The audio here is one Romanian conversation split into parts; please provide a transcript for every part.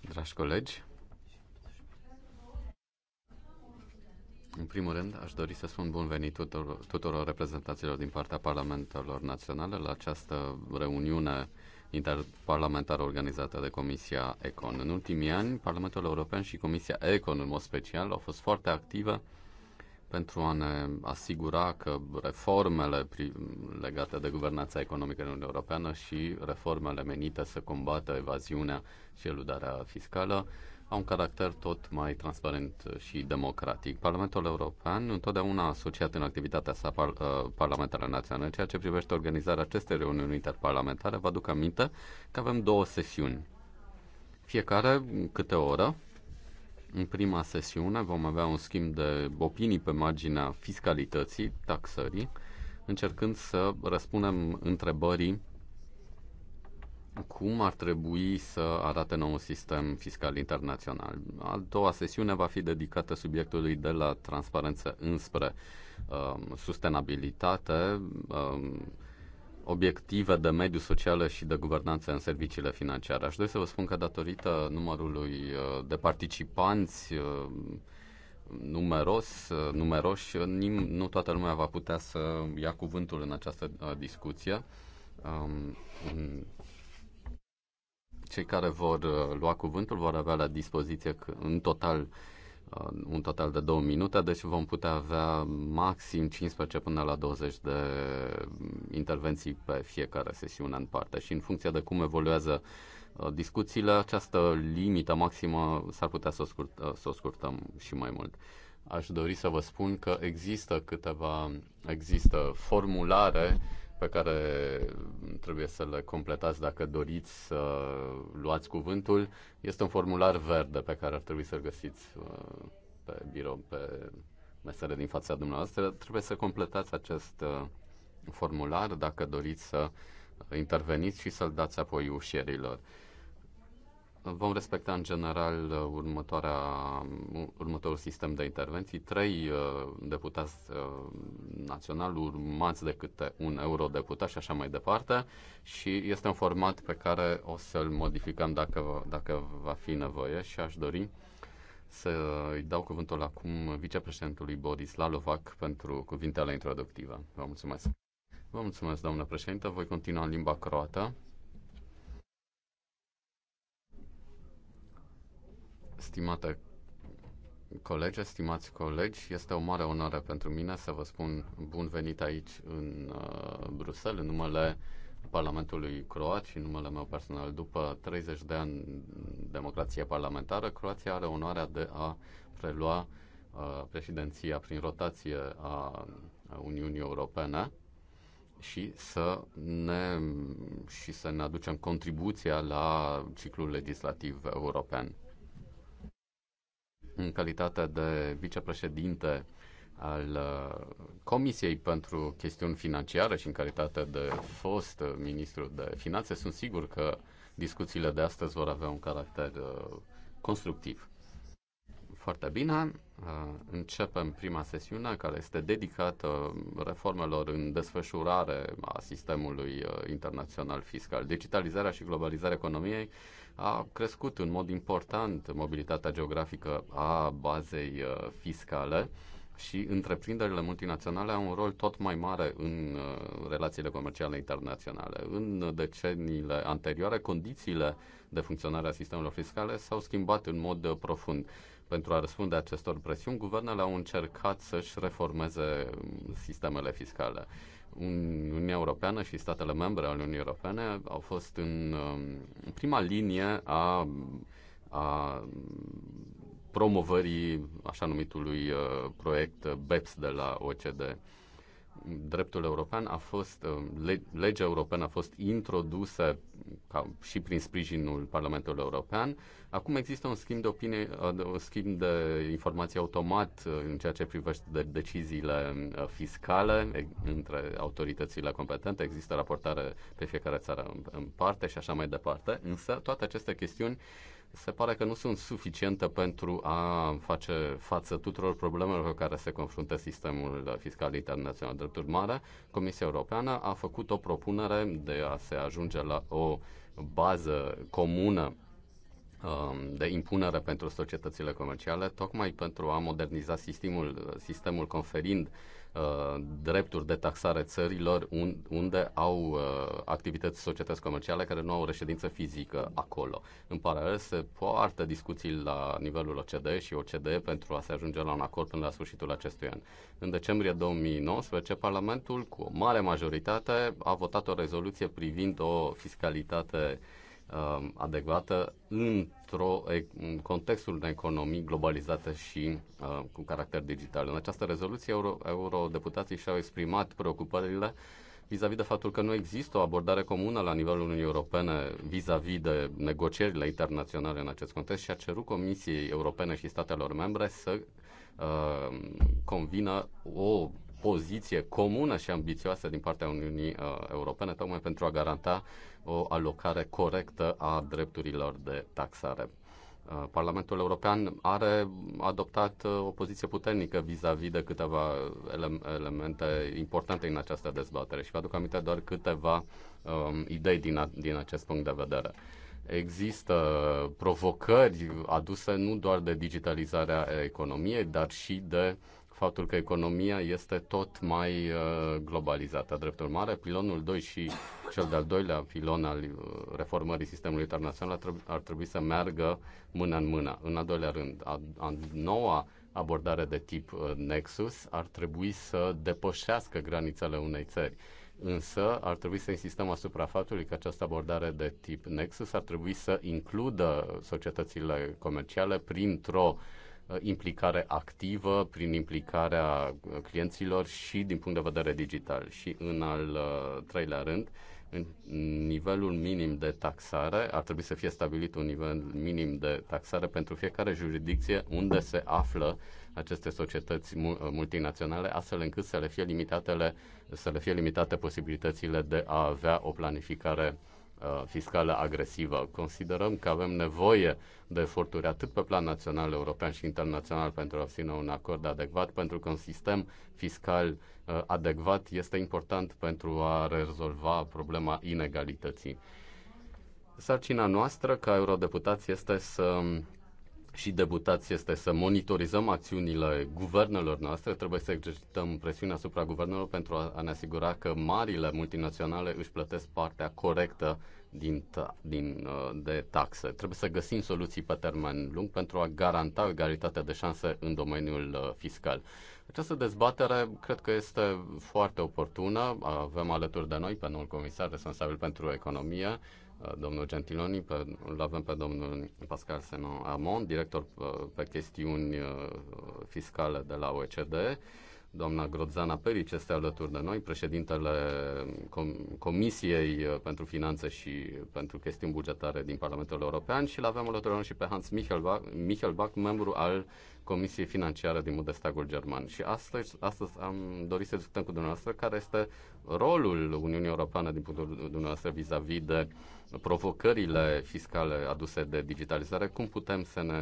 Dragi colegi. În primul rând, aș dori să spun bun venit tuturor, tuturor reprezentanților din partea Parlamentelor Naționale la această reuniune interparlamentară organizată de Comisia Econ. În ultimii ani, Parlamentul European și Comisia Econ, în mod special, au fost foarte active pentru a ne asigura că reformele legate de guvernanța economică în Uniunea Europeană și reformele menite să combată evaziunea și eludarea fiscală au un caracter tot mai transparent și democratic. Parlamentul European întotdeauna a asociat în activitatea sa par, uh, parlamentară națională. ceea ce privește organizarea acestei reuniuni interparlamentare, vă aduc aminte că avem două sesiuni. Fiecare câte o oră, în prima sesiune vom avea un schimb de opinii pe marginea fiscalității, taxării, încercând să răspunem întrebării cum ar trebui să arate nouul sistem fiscal internațional. A doua sesiune va fi dedicată subiectului de la transparență înspre uh, sustenabilitate, Uh, obiective de mediu socială și de guvernanță în serviciile financiare. Aș dori să vă spun că datorită numărului uh, de participanți uh, numeros, uh, numeroși, nim, nu toată lumea va putea să ia cuvântul în această discuție. Um, cei care vor lua cuvântul vor avea la dispoziție în total Uh, un total de două minute, deci vom putea avea maxim 15 până la 20 de intervenții pe fiecare sesiune în parte și în funcție de cum evoluează uh, discuțiile, această limită maximă s-ar putea să o, scurt, uh, să o scurtăm și mai mult. Aș dori să vă spun că există câteva, există formulare pe care trebuie să le completați dacă doriți să luați cuvântul. Este un formular verde pe care ar trebui să-l găsiți uh, pe birou, pe mesele din fața dumneavoastră. Trebuie să completați acest uh, formular dacă doriți să interveniți și să-l dați apoi ușierilor. Vom respecta în general următoarea, următorul sistem de intervenții. Trei uh, deputați uh, naționali urmați de câte un eurodeputat și așa mai departe. Și este un format pe care o să-l modificăm dacă, dacă va fi nevoie și aș dori să îi dau cuvântul acum vicepreședintului Boris Lalovac pentru cuvintele introductive. Vă mulțumesc! Vă mulțumesc, doamnă președintă. Voi continua în limba croată. Stimate colegi, stimați colegi, este o mare onoare pentru mine să vă spun bun venit aici în uh, Bruxelles, în numele Parlamentului Croat și numele meu personal. După 30 de ani democrație parlamentară, Croația are onoarea de a prelua uh, președinția prin rotație a Uniunii Europene și să ne, și să ne aducem contribuția la ciclul legislativ european în calitate de vicepreședinte al uh, Comisiei pentru chestiuni financiare și în calitate de fost uh, ministru de finanțe, sunt sigur că discuțiile de astăzi vor avea un caracter uh, constructiv. Foarte bine, începem prima sesiune care este dedicată reformelor în desfășurare a sistemului internațional fiscal, digitalizarea și globalizarea economiei a crescut în mod important mobilitatea geografică a bazei uh, fiscale și întreprinderile multinaționale au un rol tot mai mare în uh, relațiile comerciale internaționale. În deceniile anterioare, condițiile de funcționare a sistemelor fiscale s-au schimbat în mod uh, profund. Pentru a răspunde acestor presiuni, guvernele au încercat să-și reformeze um, sistemele fiscale Uniunea Europeană și statele membre ale Uniunii Europene au fost în, um, în prima linie a, a promovării așa numitului uh, proiect uh, BEPS de la OCDE dreptul european a fost, uh, legea europeană a fost introdusă ca, și prin sprijinul Parlamentului European. Acum există un schimb de opinie, uh, un schimb de informații automat uh, în ceea ce privește de deciziile fiscale între autoritățile competente. Există raportare pe fiecare țară în, parte și așa mai departe. Însă toate aceste chestiuni se pare că nu sunt suficiente pentru a face față tuturor problemelor cu care se confruntă sistemul fiscal internațional. Drept urmare, Comisia Europeană a făcut o propunere de a se ajunge la o bază comună um, de impunere pentru societățile comerciale, tocmai pentru a moderniza sistemul, sistemul conferind uh, Uh, drepturi de taxare țărilor unde au uh, activități societăți comerciale care nu au reședință fizică acolo. În paralel, se poartă discuții la nivelul OCDE și OCDE pentru a se ajunge la un acord până la sfârșitul acestui an. În decembrie 2019, Parlamentul, cu o mare majoritate, a votat o rezoluție privind o fiscalitate uh, Um, adecvată într-o, în contextul unei economii globalizate și uh, cu caracter digital. În această rezoluție, euro, eurodeputații și-au exprimat preocupările vis-a-vis de faptul că nu există o abordare comună la nivelul Uniunii Europene vis-a-vis de negocierile internaționale în acest context și a cerut Comisiei Europene și statelor membre să uh, convină o poziție comună și ambițioasă din partea Uniunii uh, Europene, tocmai pentru a garanta o alocare corectă a drepturilor de taxare. Uh, Parlamentul European are adoptat uh, o poziție puternică vis-a-vis -vis de câteva ele- elemente importante în această dezbatere și vă aduc aminte doar câteva um, idei din, a- din acest punct de vedere. Există provocări aduse nu doar de digitalizarea economiei, dar și de faptul că economia este tot mai uh, globalizată. Drept urmare, pilonul 2 și cel de-al doilea pilon al uh, reformării sistemului internațional ar trebui să meargă mână în mână. În al doilea rând, a, a noua abordare de tip uh, Nexus ar trebui să depășească granițele unei țări. Însă ar trebui să insistăm asupra faptului că această abordare de tip Nexus ar trebui să includă societățile comerciale printr-o uh, Uh, implicare activă prin implicarea uh, clienților și din punct de vedere digital. Și în al uh, treilea rând, în nivelul minim de taxare, ar trebui să fie stabilit un nivel minim de taxare pentru fiecare jurisdicție unde se află aceste societăți multinaționale, astfel încât să le fie, limitatele, să le fie limitate posibilitățile de a avea o planificare uh, Uh, fiscală agresivă. Considerăm că avem nevoie de eforturi atât pe plan național, european și internațional pentru a obține un acord adecvat, pentru că un sistem fiscal uh, adecvat este important pentru a rezolva problema inegalității. Sarcina noastră ca eurodeputați este să și deputații este să monitorizăm acțiunile guvernelor noastre, trebuie să exercităm presiunea asupra guvernelor pentru a, a ne asigura că marile multinaționale își plătesc partea corectă din, din, uh, de taxe. Trebuie să găsim soluții pe termen lung pentru a garanta egalitatea de șanse în domeniul uh, fiscal. Această dezbatere cred că este foarte oportună. Avem alături de noi pe noul comisar responsabil pentru economie, Uh, domnul Gentiloni, pe, îl avem pe domnul Pascal Senon Amon, director pe, uh, pe chestiuni uh, fiscale de la OECD, doamna Grozana Peric este alături de noi, președintele Com- Comisiei pentru Finanțe și pentru chestiuni bugetare din Parlamentul European și l-avem alături de noi și pe Hans Michelbach, Michelbach membru al Comisiei Financiare din Bundestagul German. Și astăzi, astăzi am dorit să discutăm cu dumneavoastră care este rolul Uniunii Europene din punctul dumneavoastră vis-a-vis de provocările fiscale aduse de digitalizare, cum putem să ne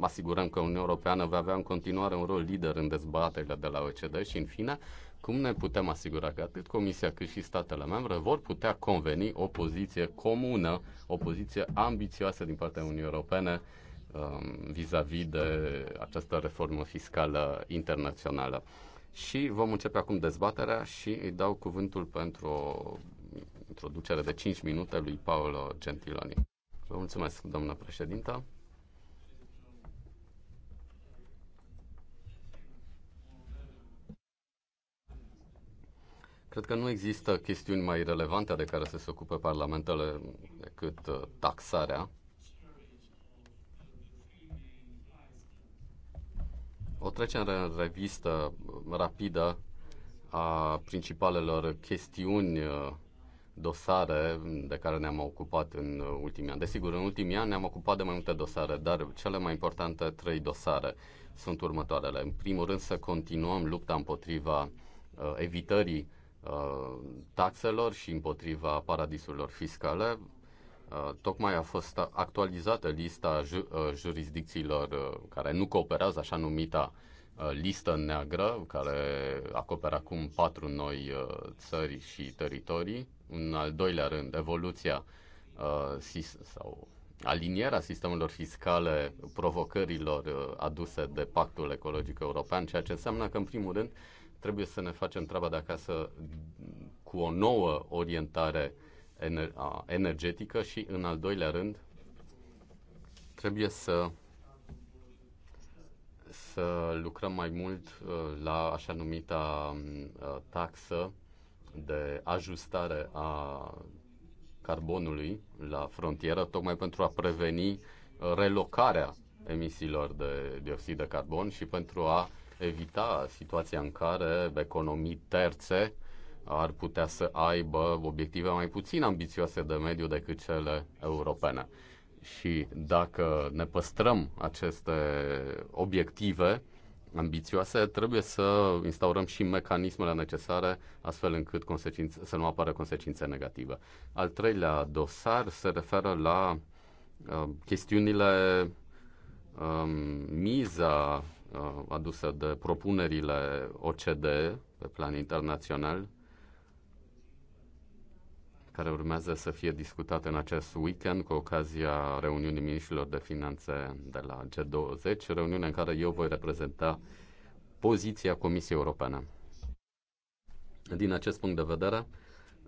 asigurăm că Uniunea Europeană va avea în continuare un rol lider în dezbaterile de la OECD și, în fine, cum ne putem asigura că atât Comisia cât și statele membre vor putea conveni o poziție comună, o poziție ambițioasă din partea Uniunii Europene um, vis-a-vis -vis de această reformă fiscală internațională și vom începe acum dezbaterea și îi dau cuvântul pentru o introducere de 5 minute lui Paolo Gentiloni. Vă mulțumesc, doamnă președintă. Cred că nu există chestiuni mai relevante de care să se ocupe parlamentele decât uh, taxarea o trecere în revistă rapidă a principalelor chestiuni, uh, dosare de care ne-am ocupat în ultimii ani. Desigur, în ultimii ani ne-am ocupat de mai multe dosare, dar cele mai importante trei dosare sunt următoarele. În primul rând să continuăm lupta împotriva uh, evitării uh, taxelor și împotriva paradisurilor fiscale. Uh, tocmai a fost actualizată lista uh, jurisdicțiilor uh, care nu cooperează, așa numita listă neagră, care acoperă acum patru noi țări și teritorii. În al doilea rând, evoluția sau alinierea sistemelor fiscale provocărilor aduse de Pactul Ecologic European, ceea ce înseamnă că, în primul rând, trebuie să ne facem treaba de acasă cu o nouă orientare uh, energetică și, în al doilea rând, trebuie să să lucrăm mai mult uh, la așa numita um, uh, taxă de ajustare a carbonului la frontieră, tocmai pentru a preveni uh, relocarea emisiilor de dioxid de carbon și pentru a evita situația în care economii terțe uh, ar putea să aibă obiective mai puțin ambițioase de mediu decât cele europene. Și dacă ne păstrăm aceste obiective ambițioase, trebuie să instaurăm și mecanismele necesare astfel încât să nu apară consecințe negative. Al treilea dosar se referă la uh, chestiunile um, miza uh, adusă de propunerile OCDE pe plan internațional care urmează să fie discutate în acest weekend cu ocazia reuniunii ministrilor de finanțe de la G20, reuniune în care eu voi reprezenta poziția Comisiei Europene. Din acest punct de vedere,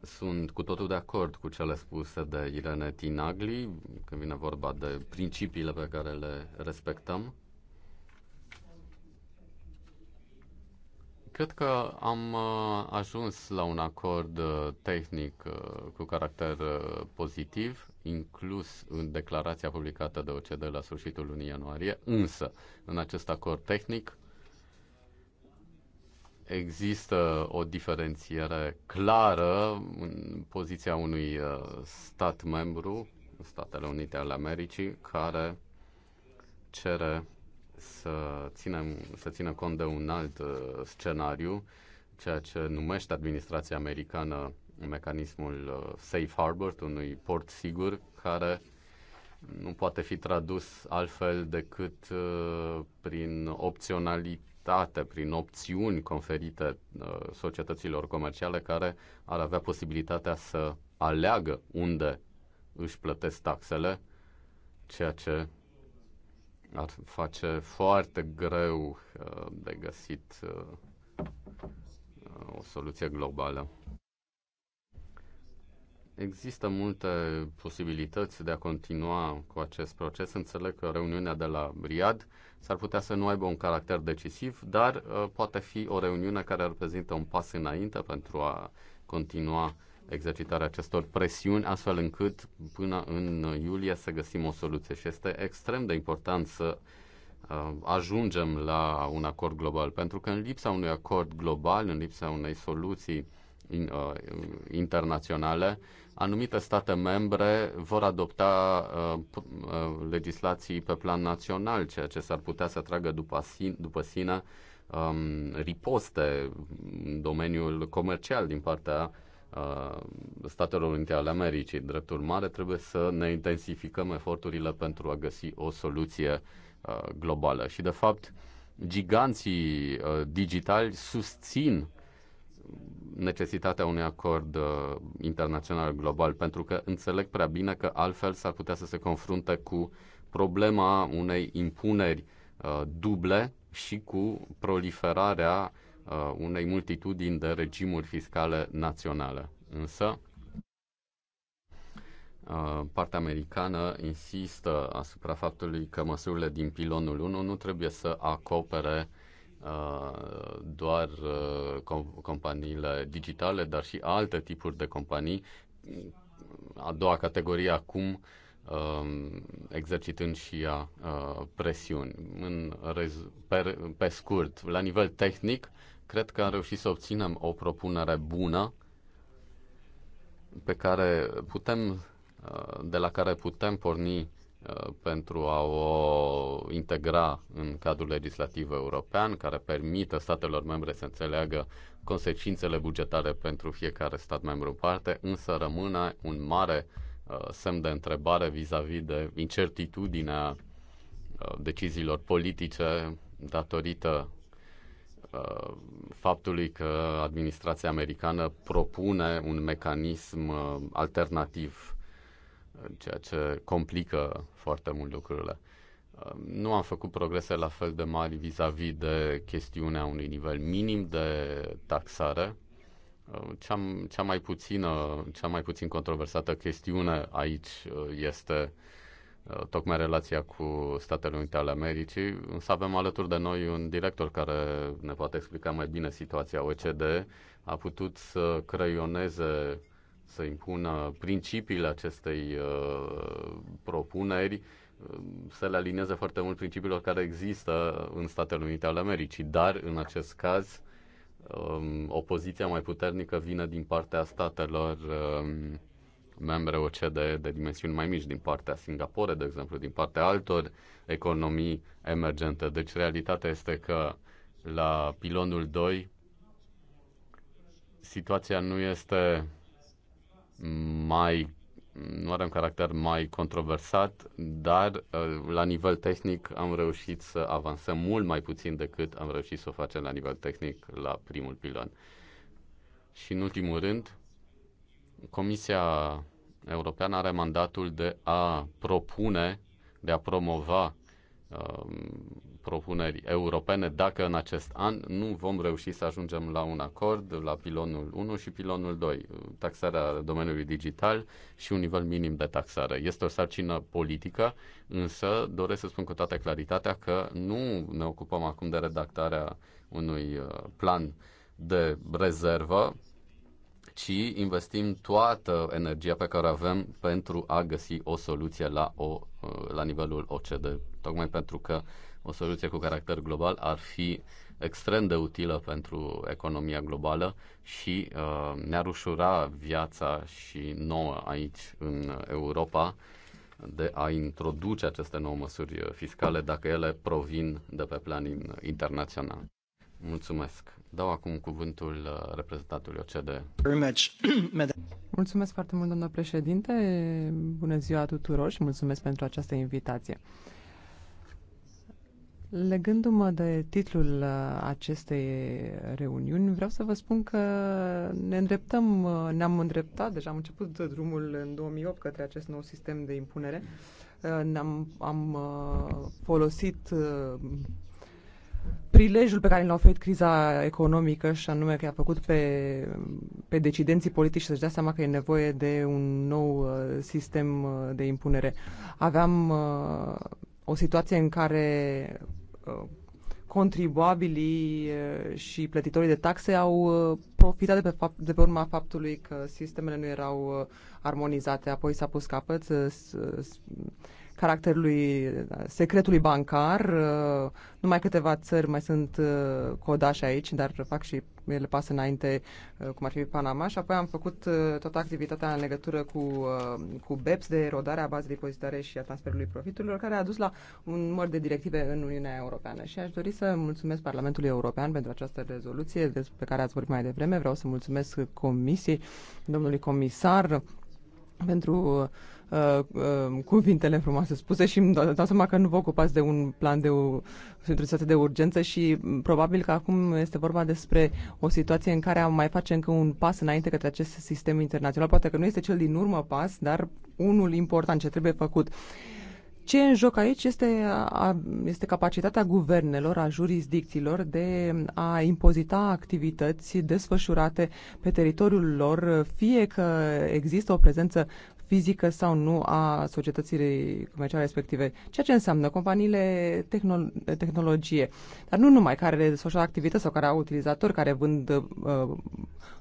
sunt cu totul de acord cu cele spuse de Irene Tinagli, când vine vorba de principiile pe care le respectăm Cred că am uh, ajuns la un acord uh, tehnic uh, cu caracter pozitiv, inclus în declarația publicată de OCDE la sfârșitul lunii ianuarie, însă în acest acord tehnic există o diferențiere clară în poziția unui stat membru, Statele Unite ale Americii, care cere să, ținem, să țină cont de un alt uh, scenariu, ceea ce numește administrația americană mecanismul uh, Safe Harbor, unui port sigur, care nu poate fi tradus altfel decât uh, prin opționalitate, prin opțiuni conferite societăților comerciale care ar avea posibilitatea să aleagă unde își plătesc taxele, ceea ce ar face foarte greu uh, de găsit uh, uh, o soluție globală. Există multe posibilități de a continua cu acest proces. Înțeleg că reuniunea de la Riad s-ar putea să nu aibă un caracter decisiv, dar poate fi o reuniune care reprezintă un pas înainte pentru a continua exercitarea acestor presiuni, astfel încât până în iulie să găsim o soluție. Și este extrem de important să uh, ajungem la un acord global, pentru că în lipsa unui acord global, în lipsa unei soluții uh, internaționale, anumite state membre vor adopta uh, legislații pe plan național, ceea ce s-ar putea să tragă după sine, după sine um, riposte în domeniul comercial din partea Uh, Statelor Unite ale Americii. Drept urmare, trebuie să ne intensificăm eforturile pentru a găsi o soluție uh, globală. Și, de fapt, giganții uh, digitali susțin necesitatea unui acord uh, internațional global, pentru că înțeleg prea bine că altfel s-ar putea să se confrunte cu problema unei impuneri uh, duble și cu proliferarea Uh, unei multitudini de regimuri fiscale naționale. Însă, uh, partea americană insistă asupra faptului că măsurile din pilonul 1 nu trebuie să acopere uh, doar companiile digitale, dar și alte tipuri de companii. A doua categorie acum um, exercitând și ea presiuni. În, pe, pe scurt, la nivel tehnic, Cred că am reușit să obținem o propunere bună pe care putem, uh, de la care putem porni uh, pentru a o integra în cadrul legislativ european, care permită statelor membre să înțeleagă consecințele bugetare pentru fiecare stat membru în parte, însă rămâne un mare uh, semn de întrebare vis-a-vis -vis de incertitudinea deciziilor politice datorită Uh, faptului că administrația americană propune un mecanism uh, alternativ, uh, ceea ce complică foarte mult lucrurile. Nu am făcut progrese la fel de mari vis-a-vis -vis de chestiunea unui nivel minim de taxare. Cea, cea mai puțină, cea mai puțin controversată chestiune aici este uh, Uh, tocmai relația cu Statele Unite ale Americii, însă avem alături de noi un director care ne poate explica mai bine situația OECD, a putut să creioneze, să impună principiile acestei uh, propuneri, uh, să le alinieze foarte mult principiilor care există în Statele Unite ale Americii, dar în acest caz um, opoziția mai puternică vine din partea statelor um, membre OCDE de dimensiuni mai mici din partea Singapore, de exemplu, din partea altor economii emergente. Deci realitatea este că la pilonul 2 situația nu este mai nu are un caracter mai controversat, dar uh, la nivel tehnic am reușit să avansăm mult mai puțin decât am reușit să o facem la nivel tehnic la primul pilon. Și în ultimul rând, Comisia european are mandatul de a propune, de a promova um, propuneri europene dacă în acest an nu vom reuși să ajungem la un acord la pilonul 1 și pilonul 2, taxarea domeniului digital și un nivel minim de taxare. Este o sarcină politică, însă doresc să spun cu toată claritatea că nu ne ocupăm acum de redactarea unui uh, plan de rezervă ci investim toată energia pe care avem pentru a găsi o soluție la, o, uh, la nivelul OCD. Tocmai pentru că o soluție cu caracter global ar fi extrem de utilă pentru economia globală și uh, ne-ar ușura viața și nouă aici în Europa de a introduce aceste nouă măsuri fiscale dacă ele provin de pe plan internațional. Mulțumesc. Dau acum cuvântul uh, reprezentantului OCD. Mulțumesc foarte mult, doamna președinte. Bună ziua tuturor și mulțumesc pentru această invitație. Legându-mă de titlul uh, acestei reuniuni, vreau să vă spun că ne îndreptăm, uh, ne-am îndreptat, deja am început drumul în 2008 către acest nou sistem de impunere. Ne-am am folosit prilejul pe care l-a oferit criza economică și anume că a făcut pe, pe decidenții politici să-și dea seama că e nevoie de un nou uh, sistem uh, de impunere. Aveam uh, o situație în care uh, contribuabilii uh, și plătitorii de taxe au uh, profitat de pe, fapt, de pe urma faptului că sistemele nu erau armonizate, apoi s-a pus capăt caracterului secretului bancar. Uh, numai câteva țări mai sunt uh, codași aici, dar fac și ele pas înainte, uh, cum ar fi Panama. Și apoi am făcut toată activitatea în legătură cu, cu BEPS de a bazei de și a transferului profiturilor, care a dus la un număr de directive în Uniunea Europeană. Și aș dori să mulțumesc Parlamentului European pentru această rezoluție despre care ați vorbit mai devreme. Vreau să mulțumesc Comisiei, domnului comisar, pentru Uh, uh, cuvintele frumoase spuse și îmi dau seama că nu vă ocupați de un plan de o situație de urgență și probabil că acum este vorba despre o situație în care am mai face încă un pas înainte către acest sistem internațional. Poate că nu este cel din urmă pas, dar unul important ce trebuie făcut. Ce e în joc aici este, a, este capacitatea guvernelor, a jurisdicțiilor de a impozita activități desfășurate pe teritoriul lor, fie că există o prezență fizică sau nu a societății comerciale respective, ceea ce înseamnă companiile tehnolo- tehnologie, dar nu numai care desfășoară activități sau care au utilizatori care vând uh,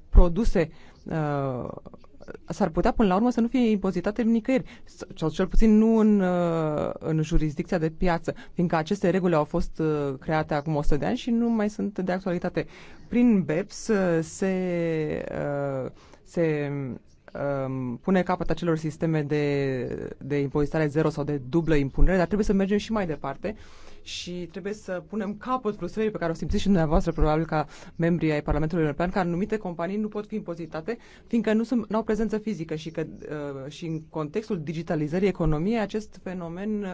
produse uh, s-ar putea până la urmă să nu fie impozitate nicăieri, sau cel puțin nu în, uh, în jurisdicția de piață, fiindcă aceste reguli au fost uh, create acum 100 de ani și nu mai sunt de actualitate. Prin BEPS uh, se, se um, pune capăt acelor sisteme de, de impozitare zero sau de dublă impunere, dar trebuie să mergem și mai departe și trebuie să punem capăt frustrării pe care o simțiți și dumneavoastră, probabil ca membrii ai Parlamentului European, că anumite companii nu pot fi impozitate, fiindcă nu sunt, au prezență fizică și că uh, și în contextul digitalizării economiei acest fenomen uh,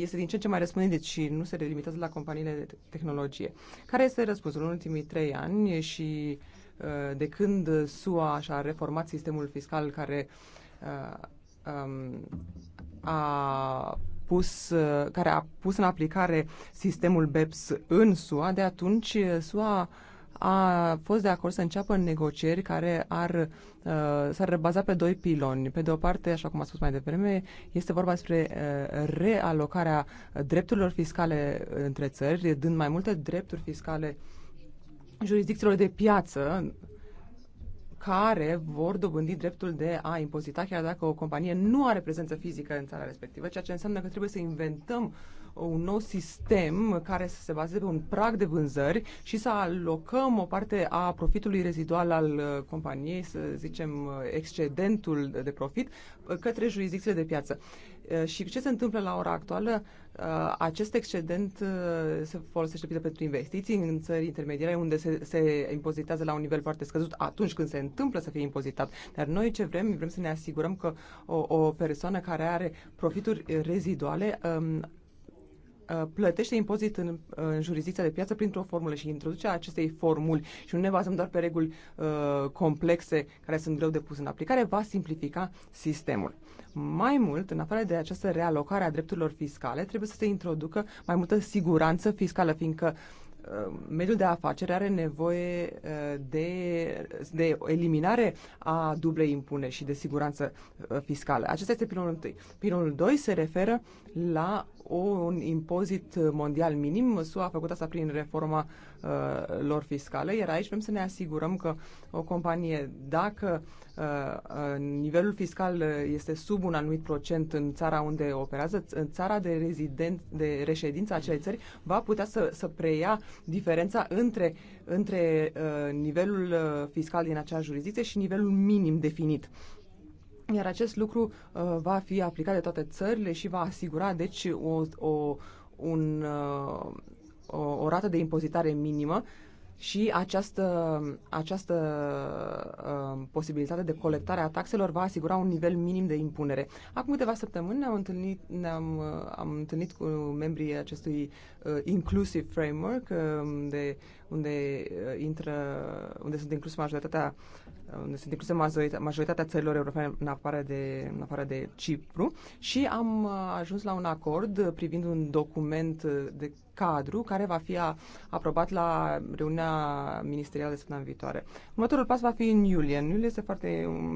este din ce în ce mai răspândit și nu se limitează la companiile de tehnologie. Care este răspunsul? În ultimii trei ani și uh, Uh, de când SUA și-a reformat sistemul fiscal care uh, um, a pus, uh, care a pus în aplicare sistemul BEPS în SUA, de atunci SUA a fost de acord să înceapă negocieri care ar, s-ar baza pe doi piloni. Pe de o parte, așa cum a spus mai devreme, este vorba despre realocarea drepturilor fiscale între țări, dând mai multe drepturi fiscale uh, jurisdicțiilor de piață care vor dobândi dreptul de a impozita chiar dacă o companie nu are prezență fizică în țara respectivă, ceea ce înseamnă că trebuie să inventăm un nou sistem care să se bazeze pe un prag de vânzări și să alocăm o parte a profitului rezidual al uh, companiei, să zicem uh, excedentul de profit, uh, către jurisdicțiile de piață. Și ce se întâmplă la ora actuală? Acest excedent se folosește bine pentru investiții în țări intermediare unde se, se impozitează la un nivel foarte scăzut atunci când se întâmplă să fie impozitat. Dar noi ce vrem? Vrem să ne asigurăm că o, o persoană care are profituri reziduale um, Uh, plătește impozit în, uh, în jurisdicția de piață printr-o formulă și introducerea acestei formuli și nu ne bazăm doar pe reguli uh, complexe care sunt greu de pus în aplicare, va simplifica sistemul. Mai mult, în afară de această realocare a drepturilor fiscale, trebuie să se introducă mai multă siguranță fiscală, fiindcă uh, mediul de afacere are nevoie de, de eliminare a dublei impune și de siguranță fiscală. Acesta este pilonul 1. Pilonul 2 se referă la un impozit mondial minim. SUA a făcut asta prin reforma uh, lor fiscală, iar aici vrem să ne asigurăm că o companie, dacă uh, uh nivelul fiscal uh, este sub un anumit procent în țara unde operează, în țara de, rezident, de reședință a acelei țări, va putea să, să preia diferența între, între uh, nivelul uh, fiscal din acea jurisdicție și nivelul minim definit. Iar acest lucru uh, va fi aplicat de toate țările și va asigura, deci, o, o, un, uh, o, o rată de impozitare minimă și această, această uh, posibilitate de colectare a taxelor va asigura un nivel minim de impunere. Acum câteva săptămâni ne-am întâlnit, ne-am, uh, am întâlnit cu membrii acestui uh, Inclusive Framework uh, de unde uh, intră, unde sunt inclusă majoritatea uh, unde sunt incluse majoritatea țărilor europene în afară de, în afară de Cipru și am uh, ajuns la un acord privind un document de cadru care va fi aprobat la reuniunea ministerială de săptămâna viitoare. Următorul pas va fi în iulie. În iulie este foarte,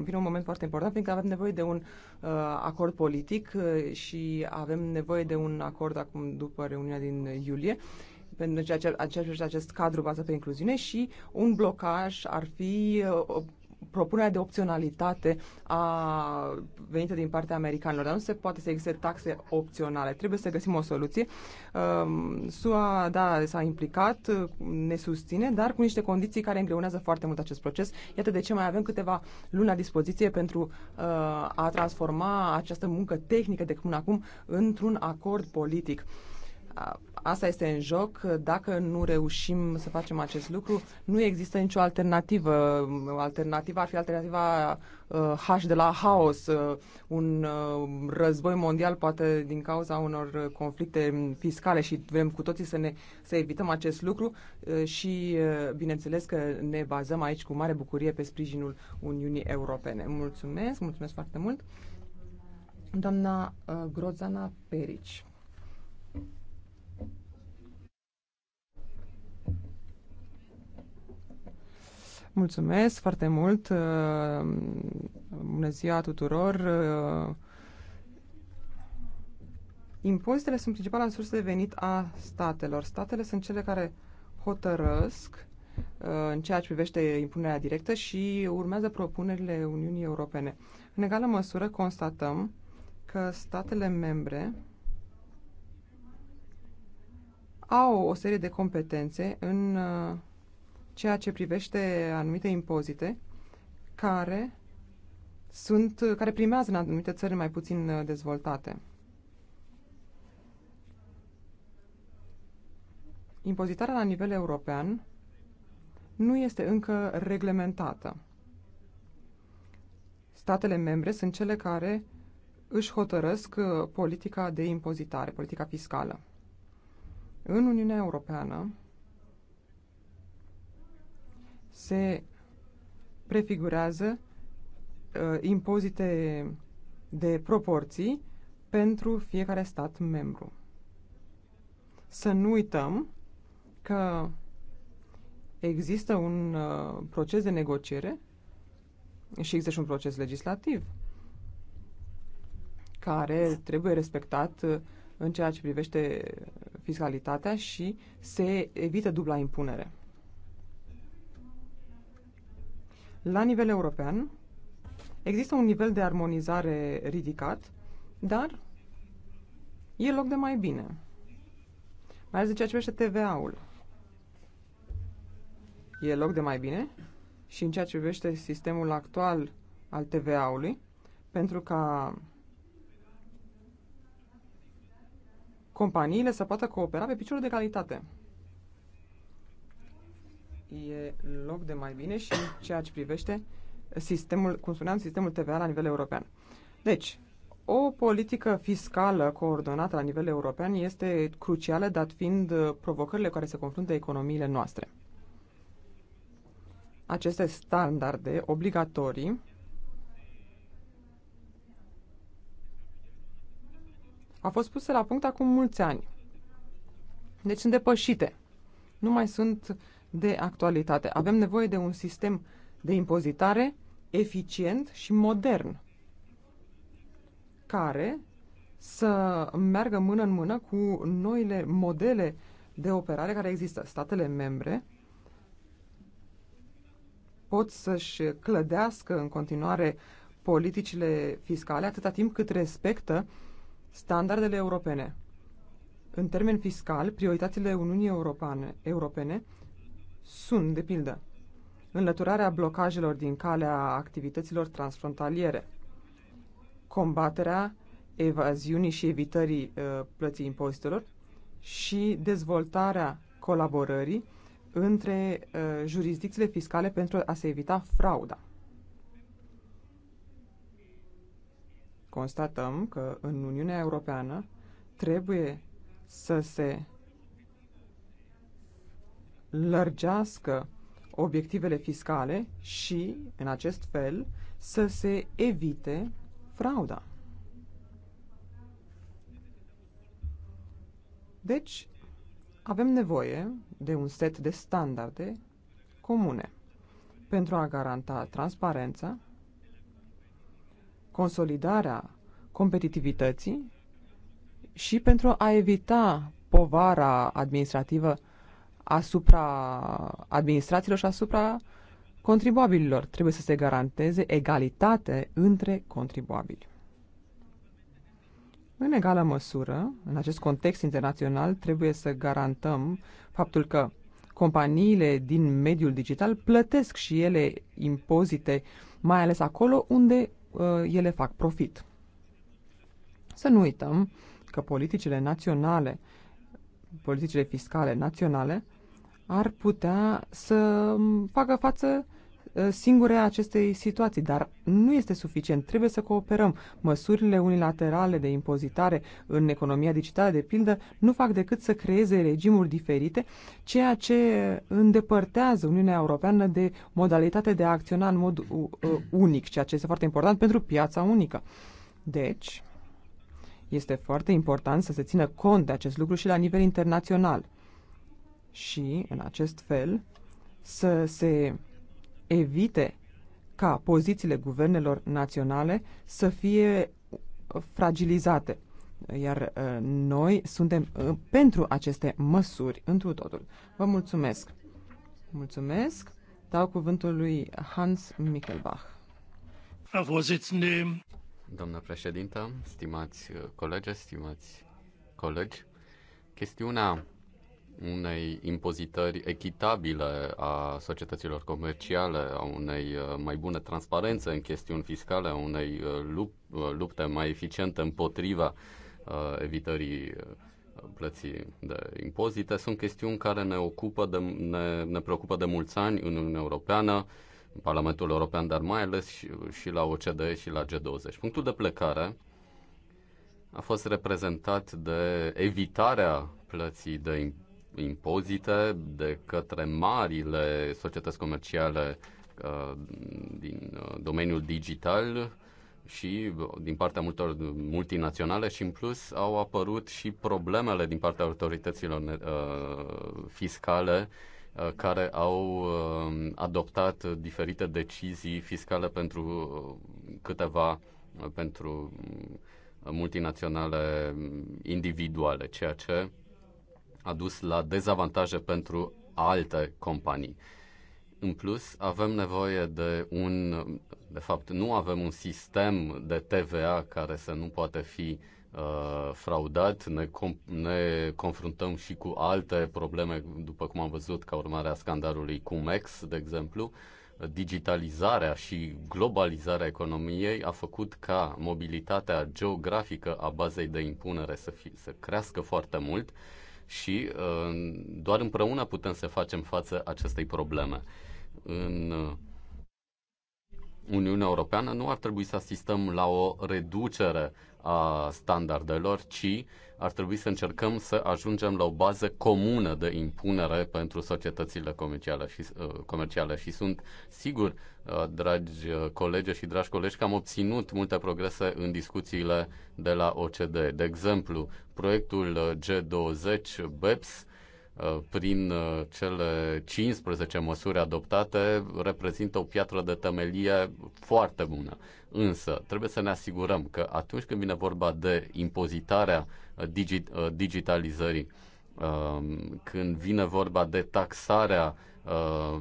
vine un moment foarte important fiindcă avem nevoie de un uh, acord politic și avem nevoie de un acord acum după reuniunea din iulie pentru acest ce, acest cadru bazat pe incluziune și un blocaj ar fi uh, propunerea de opționalitate a venită din partea americanilor. Dar nu se poate să existe taxe opționale. Trebuie să găsim o soluție. Um, SUA, da, s-a implicat, ne susține, dar cu niște condiții care îngreunează foarte mult acest proces. Iată de ce mai avem câteva luni la dispoziție pentru uh, a transforma această muncă tehnică de cum acum într-un acord politic asta este în joc. Dacă nu reușim să facem acest lucru, nu există nicio alternativă. Alternativa ar fi alternativa uh, H de la haos, uh, un uh, război mondial, poate din cauza unor conflicte fiscale și vrem cu toții să, ne, să evităm acest lucru și, bineînțeles, că ne bazăm aici cu mare bucurie pe sprijinul Uniunii Europene. Mulțumesc, mulțumesc foarte mult. Doamna Grozana Perici. Mulțumesc foarte mult. Uh, bună ziua tuturor. Uh, impozitele sunt principala sursă de venit a statelor. Statele sunt cele care hotărăsc uh, în ceea ce privește impunerea directă și urmează propunerile Uniunii Europene. În egală măsură constatăm că statele membre au o serie de competențe în ceea ce privește anumite impozite care sunt, care primează în anumite țări mai puțin uh, dezvoltate. Impozitarea la nivel european nu este încă reglementată. Statele membre sunt cele care își hotărăsc uh, politica de impozitare, politica fiscală. În Uniunea Europeană, se prefigurează uh, impozite de proporții pentru fiecare stat membru. Să nu uităm că există un uh, proces de negociere și există și un proces legislativ care trebuie respectat uh, în ceea ce privește fiscalitatea și se evită dubla impunere. La nivel european, există un nivel de armonizare ridicat, dar e loc de mai bine. Mai ales de ceea ce privește TVA-ul. E loc de mai bine și în ceea ce privește sistemul actual al TVA-ului, pentru ca companiile să poată coopera pe piciorul de calitate e loc de mai bine și în ceea ce privește sistemul, cum spuneam, sistemul TVA la nivel european. Deci, o politică fiscală coordonată la nivel european este crucială, dat fiind uh, provocările care se confruntă economiile noastre. Aceste standarde obligatorii au fost puse la punct acum mulți ani. Deci sunt depășite. Nu mai sunt de actualitate. Avem nevoie de un sistem de impozitare eficient și modern, care să meargă mână în mână cu noile modele de operare care există. Statele membre pot să-și clădească în continuare politicile fiscale atâta timp cât respectă standardele europene. În termen fiscal, prioritățile Uniunii Europene, europene sunt, de pildă, înlăturarea blocajelor din calea activităților transfrontaliere, combaterea evaziunii și evitării uh, plății impozitelor și dezvoltarea colaborării între uh, jurisdicțiile fiscale pentru a se evita frauda. Constatăm că în Uniunea Europeană trebuie să se lărgească obiectivele fiscale și, în acest fel, să se evite frauda. Deci, avem nevoie de un set de standarde comune pentru a garanta transparența, consolidarea competitivității și pentru a evita povara administrativă asupra administrațiilor și asupra contribuabililor. Trebuie să se garanteze egalitate între contribuabili. În egală măsură, în acest context internațional, trebuie să garantăm faptul că companiile din mediul digital plătesc și ele impozite, mai ales acolo unde uh, ele fac profit. Să nu uităm că politicile naționale, politicile fiscale naționale, ar putea să facă față uh, singure acestei situații, dar nu este suficient. Trebuie să cooperăm. Măsurile unilaterale de impozitare în economia digitală, de pildă, nu fac decât să creeze regimuri diferite, ceea ce îndepărtează Uniunea Europeană de modalitate de a acționa în mod uh, uh, unic, ceea ce este foarte important pentru piața unică. Deci, este foarte important să se țină cont de acest lucru și la nivel internațional și, în acest fel, să se evite ca pozițiile guvernelor naționale să fie fragilizate. Iar uh, noi suntem uh, pentru aceste măsuri întru totul. Vă mulțumesc! Mulțumesc! Dau cuvântul lui Hans Michelbach. Doamnă președintă, stimați uh, colegi, stimați colegi, chestiunea unei impozitări echitabile a societăților comerciale, a unei uh, mai bune transparențe în chestiuni fiscale, a unei uh, uh, lupte mai eficiente împotriva evitării plății de impozite, sunt chestiuni care ne, ocupă de, ne, ne preocupă de mulți ani în Uniunea Europeană, în Parlamentul European, dar mai ales și, și la OCDE și la G20. Punctul de plecare a fost reprezentat de evitarea plății de impozite de către marile societăți comerciale uh, din uh, domeniul digital și uh, din partea multor multinaționale și în plus au apărut și problemele din partea autorităților fiscale care au adoptat diferite decizii fiscale pentru câteva pentru multinaționale individuale, ceea ce a dus la dezavantaje pentru alte companii. În plus, avem nevoie de un, de fapt, nu avem un sistem de TVA care să nu poate fi uh, fraudat, ne, com- ne confruntăm și cu alte probleme, după cum am văzut, ca urmare a scandalului Cumex, de exemplu. Digitalizarea și globalizarea economiei a făcut ca mobilitatea geografică a bazei de impunere să, fi, să crească foarte mult, uh, și uh, doar împreună putem să facem față acestei probleme. În uh, Uniunea Europeană nu ar trebui să asistăm la o reducere a standardelor, ci ar trebui să încercăm să ajungem la o bază comună de impunere pentru societățile comerciale și, uh, comerciale și sunt sigur, uh, dragi uh, colegi și dragi colegi, că am obținut multe progrese în discuțiile de la OCD. De exemplu, proiectul G20 BEPS Uh, prin uh, cele 15 măsuri adoptate reprezintă o piatră de temelie foarte bună. Însă trebuie să ne asigurăm că atunci când vine vorba de impozitarea uh, digi- digitalizării, um, când vine vorba de taxarea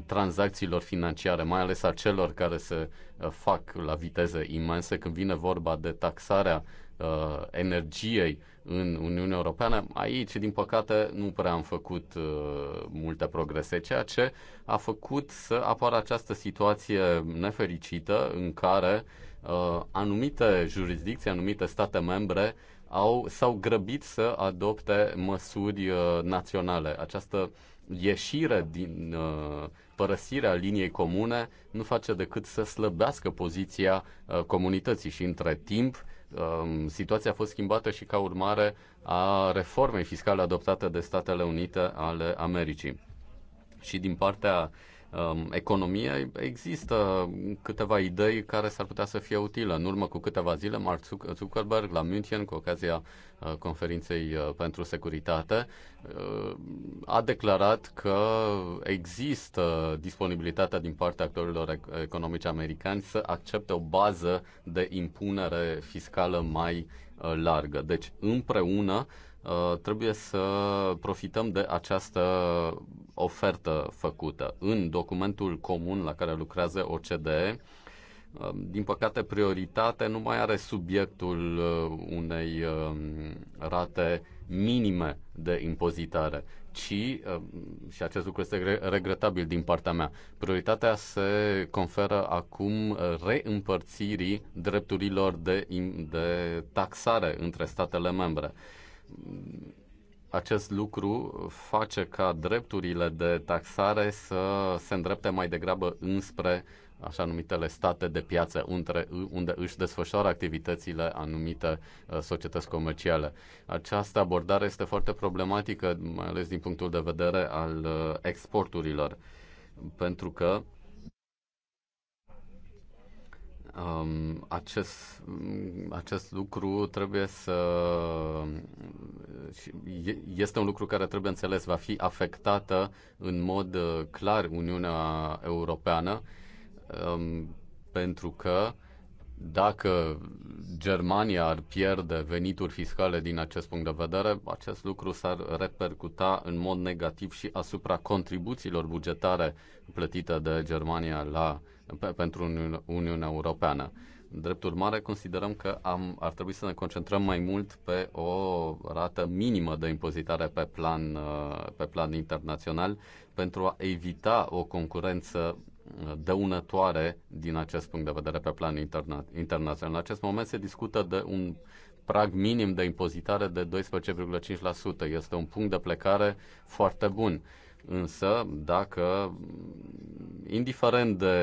tranzacțiilor financiare, mai ales a celor care se fac la viteze imense, când vine vorba de taxarea uh, uh, energiei în Uniunea Europeană, aici, din păcate, nu prea am făcut uh, multe progrese, ceea ce a făcut să apară această situație nefericită în care uh, anumite jurisdicții, anumite state membre au, s-au grăbit să adopte măsuri uh, naționale. Această ieșire din uh, părăsirea liniei comune nu face decât să slăbească poziția uh, comunității și între timp Um, situația a fost schimbată și ca urmare a reformei fiscale adoptate de Statele Unite ale Americii. Și din partea uh, Um, economie, există câteva idei care s-ar putea să fie utile. În urmă cu câteva zile, Mark Zuckerberg la München, cu ocazia uh, conferinței uh, pentru securitate, uh, a declarat că există disponibilitatea din partea actorilor economici americani să accepte o bază de impunere fiscală mai largă. Deci, împreună, Uh, trebuie să profităm de această ofertă făcută. În documentul comun la care lucrează OCDE, uh, din păcate, prioritate nu mai are subiectul uh, unei um, rate minime de impozitare, ci, și acest lucru este regretabil din partea mea, prioritatea se conferă acum reîmpărțirii drepturilor de, de taxare între statele membre acest lucru face ca drepturile de taxare să se îndrepte mai degrabă înspre așa numitele state de piață, unde, unde își desfășoară activitățile anumite uh, societăți comerciale. Această abordare este foarte problematică, mai ales din punctul de vedere al uh, exporturilor, pentru că Um, acest, um, acest lucru trebuie să. este un lucru care trebuie înțeles, va fi afectată în mod uh, clar Uniunea Europeană, um, pentru că dacă Germania ar pierde venituri fiscale din acest punct de vedere, acest lucru s-ar repercuta în mod negativ și asupra contribuțiilor bugetare plătite de Germania la pe, pentru Uniunea Europeană. Drept urmare, considerăm că am, ar trebui să ne concentrăm mai mult pe o rată minimă de impozitare pe plan, uh, pe plan internațional pentru a evita o concurență uh, dăunătoare din acest punct de vedere pe plan interna- internațional. În acest moment se discută de un prag minim de impozitare de 12,5%. Este un punct de plecare foarte bun Însă, dacă, indiferent de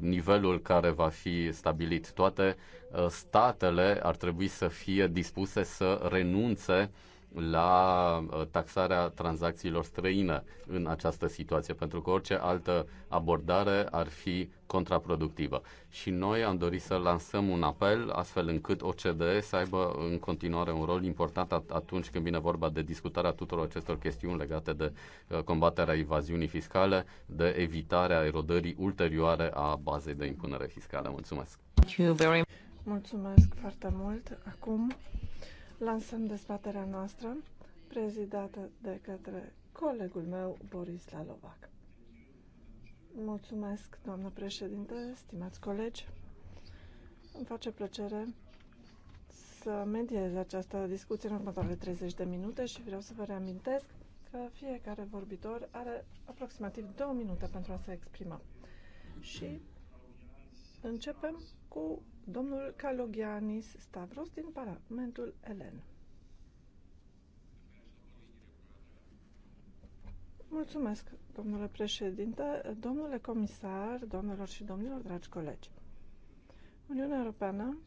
nivelul care va fi stabilit, toate ă, statele ar trebui să fie dispuse să renunțe la uh, taxarea tranzacțiilor străine în această situație, pentru că orice altă abordare ar fi contraproductivă. Și noi am dorit să lansăm un apel astfel încât OCDE să aibă în continuare un rol important atunci când vine vorba de discutarea tuturor acestor chestiuni legate de uh, combaterea evaziunii fiscale, de evitarea erodării ulterioare a bazei de impunere fiscală. Mulțumesc! Mulțumesc foarte mult! Acum Lansăm dezbaterea noastră, prezidată de către colegul meu, Boris Lalovac. Mulțumesc, doamnă președinte, stimați colegi. Îmi face plăcere să mediez această discuție în următoarele 30 de minute și vreau să vă reamintesc că fiecare vorbitor are aproximativ două minute pentru a se exprima. Și începem cu domnul Calogianis Stavros din Parlamentul Elen. Mulțumesc, domnule președinte, domnule comisar, domnilor și domnilor, dragi colegi. Uniunea Europeană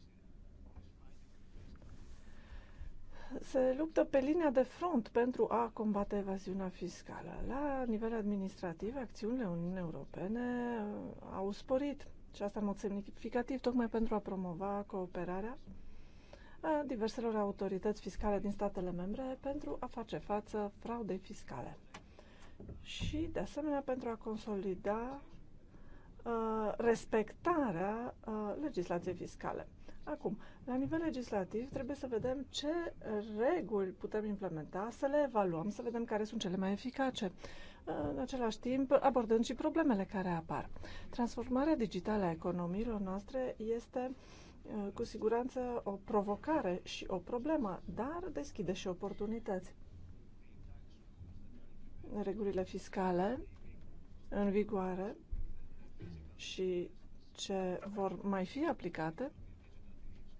se luptă pe linia de front pentru a combate evaziunea fiscală. La nivel administrativ, acțiunile Uniunii Europene au sporit și asta în mod semnificativ, tocmai pentru a promova cooperarea a diverselor autorități fiscale din statele membre pentru a face față fraudei fiscale și, de asemenea, pentru a consolida uh, respectarea uh, legislației fiscale. Acum, la nivel legislativ, trebuie să vedem ce reguli putem implementa, să le evaluăm, să vedem care sunt cele mai eficace. Uh, în același timp abordând și problemele care apar. Transformarea digitală a economiilor noastre este uh, cu siguranță o provocare și o problemă, dar deschide și oportunități. Regulile fiscale în vigoare și ce vor mai fi aplicate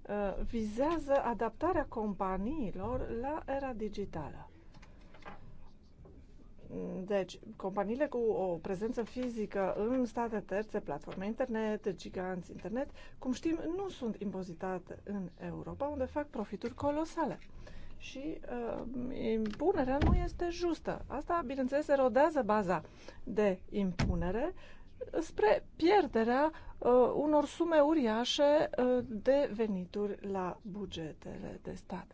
uh, vizează adaptarea companiilor la era digitală. Deci, companiile cu o prezență fizică în state terțe, platforme internet, giganți internet, cum știm, nu sunt impozitate în Europa, unde fac profituri colosale. Și uh, impunerea nu este justă. Asta, bineînțeles, erodează baza de impunere spre pierderea uh, unor sume uriașe uh, de venituri la bugetele de stat.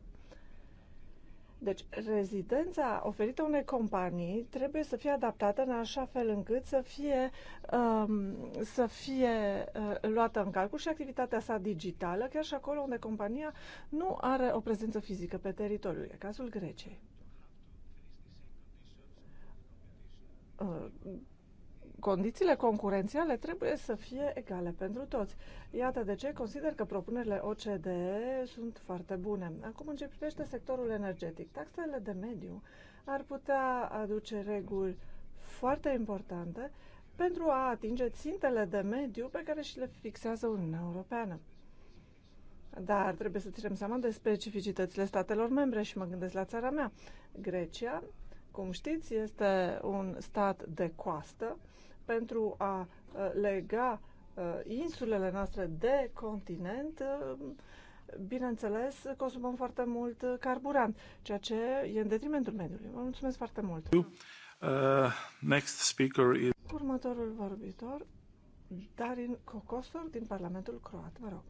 Deci, rezidența oferită unei companii trebuie să fie adaptată în așa fel încât să fie, um, să fie uh, luată în calcul și activitatea sa digitală, chiar și acolo unde compania nu are o prezență fizică pe teritoriul, e cazul Greciei. Uh, condițiile concurențiale trebuie să fie egale pentru toți. Iată de ce consider că propunerile OCDE sunt foarte bune. Acum, în ce privește sectorul energetic, taxele de mediu ar putea aduce reguli foarte importante pentru a atinge țintele de mediu pe care și le fixează Uniunea Europeană. Dar trebuie să ținem seama de specificitățile statelor membre și mă gândesc la țara mea. Grecia, cum știți, este un stat de coastă pentru a uh, lega uh, insulele noastre de continent, uh, bineînțeles, consumăm foarte mult carburant, ceea ce e în detrimentul mediului. Vă mulțumesc foarte mult! next speaker is... Următorul vorbitor, Darin Kokosor din Parlamentul Croat. Vă rog.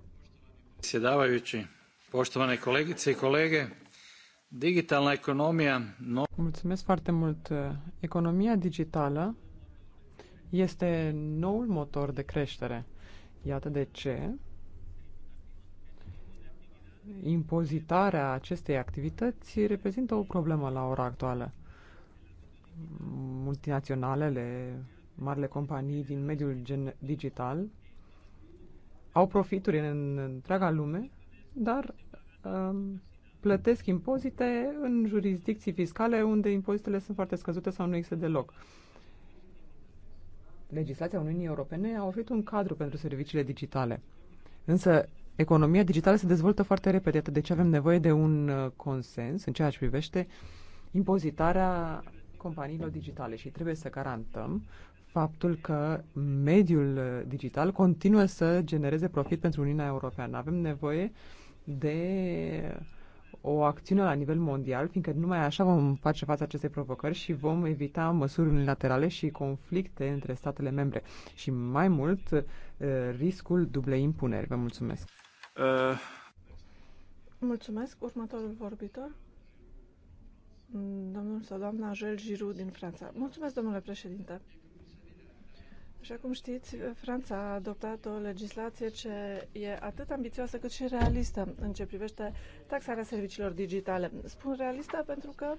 Sjedavajući, poštovane kolegice i digitalna economia... No... Mulțumesc foarte mult! Economia digitală este noul motor de creștere. Iată de ce impozitarea acestei activități reprezintă o problemă la ora actuală. Multinaționalele, marile companii din mediul digital au profituri în întreaga lume, dar um, plătesc impozite în jurisdicții fiscale unde impozitele sunt foarte scăzute sau nu există deloc legislația Uniunii Europene a oferit un cadru pentru serviciile digitale. Însă, economia digitală se dezvoltă foarte repede, atât de ce avem nevoie de un uh, consens în ceea ce privește impozitarea companiilor digitale și trebuie să garantăm faptul că mediul uh, digital continuă să genereze profit pentru Uniunea Europeană. Avem nevoie de o acțiune la nivel mondial, fiindcă numai așa vom face față acestei provocări și vom evita măsuri unilaterale și conflicte între statele membre și mai mult uh, riscul dublei impuneri. Vă mulțumesc! Uh. Mulțumesc! Următorul vorbitor, domnul sau doamna Jel Giroud din Franța. Mulțumesc, domnule președinte! Așa cum știți, Franța a adoptat o legislație ce e atât ambițioasă cât și realistă în ce privește taxarea serviciilor digitale. Spun realistă pentru că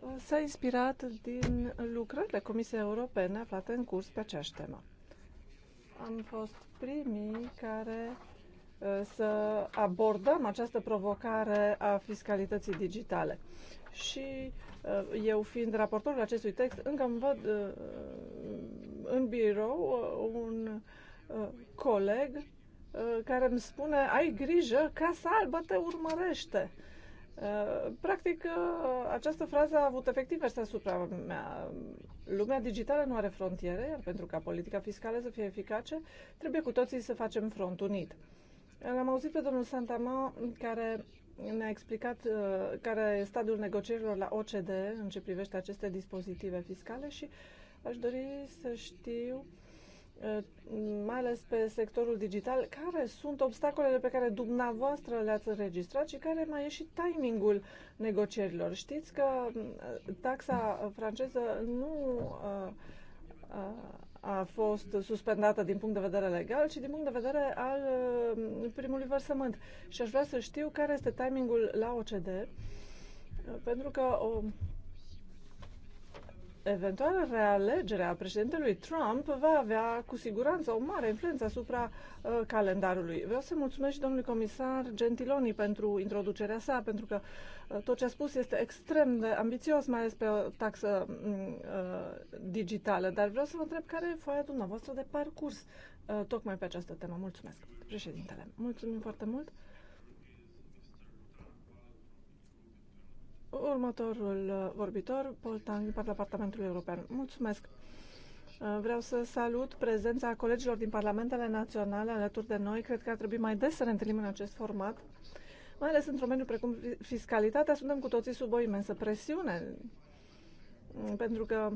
uh, s-a inspirat din lucrările Comisiei Europene aflate în curs pe aceeași temă. Am fost primii care uh, să abordăm această provocare a fiscalității digitale. Și uh, eu, fiind raportorul acestui text, încă îmi văd în birou uh, un uh, coleg uh, care îmi spune ai grijă, Casa Albă te urmărește. Practic, această frază a avut efect invers asupra mea. Lumea digitală nu are frontiere, iar pentru ca politica fiscală să fie eficace, trebuie cu toții să facem front unit. L-am auzit pe domnul Santama, care ne-a explicat care e stadiul negocierilor la OCDE în ce privește aceste dispozitive fiscale și uh, Aș dori să știu, uh, mai ales pe sectorul digital, care sunt obstacolele pe care dumneavoastră le-ați înregistrat și care mai e și timingul negocierilor. Știți că uh, taxa franceză nu uh, a fost suspendată din punct de vedere legal, ci din punct de vedere al primului versământ. Și aș vrea să știu care este timingul la OCD, pentru că o eventuală realegere a președintelui Trump va avea cu siguranță o mare influență asupra uh, calendarului. Vreau să mulțumesc și domnului comisar Gentiloni pentru introducerea sa, pentru că uh, tot ce a spus este extrem de ambițios, mai ales pe o taxă mm, uh, digitală. Dar vreau să vă întreb care e foaia dumneavoastră de parcurs uh, tocmai pe această temă. Mulțumesc, președintele. Mulțumim foarte mult. Următorul uh, vorbitor, Paul Tang, din partea Parlamentului European. Mulțumesc! Uh, vreau să salut prezența colegilor din Parlamentele Naționale alături de noi. Cred că ar trebui mai des să ne întâlnim în acest format. Mai ales într-un moment precum fiscalitatea, suntem cu toții sub o imensă presiune. Mm, pentru că,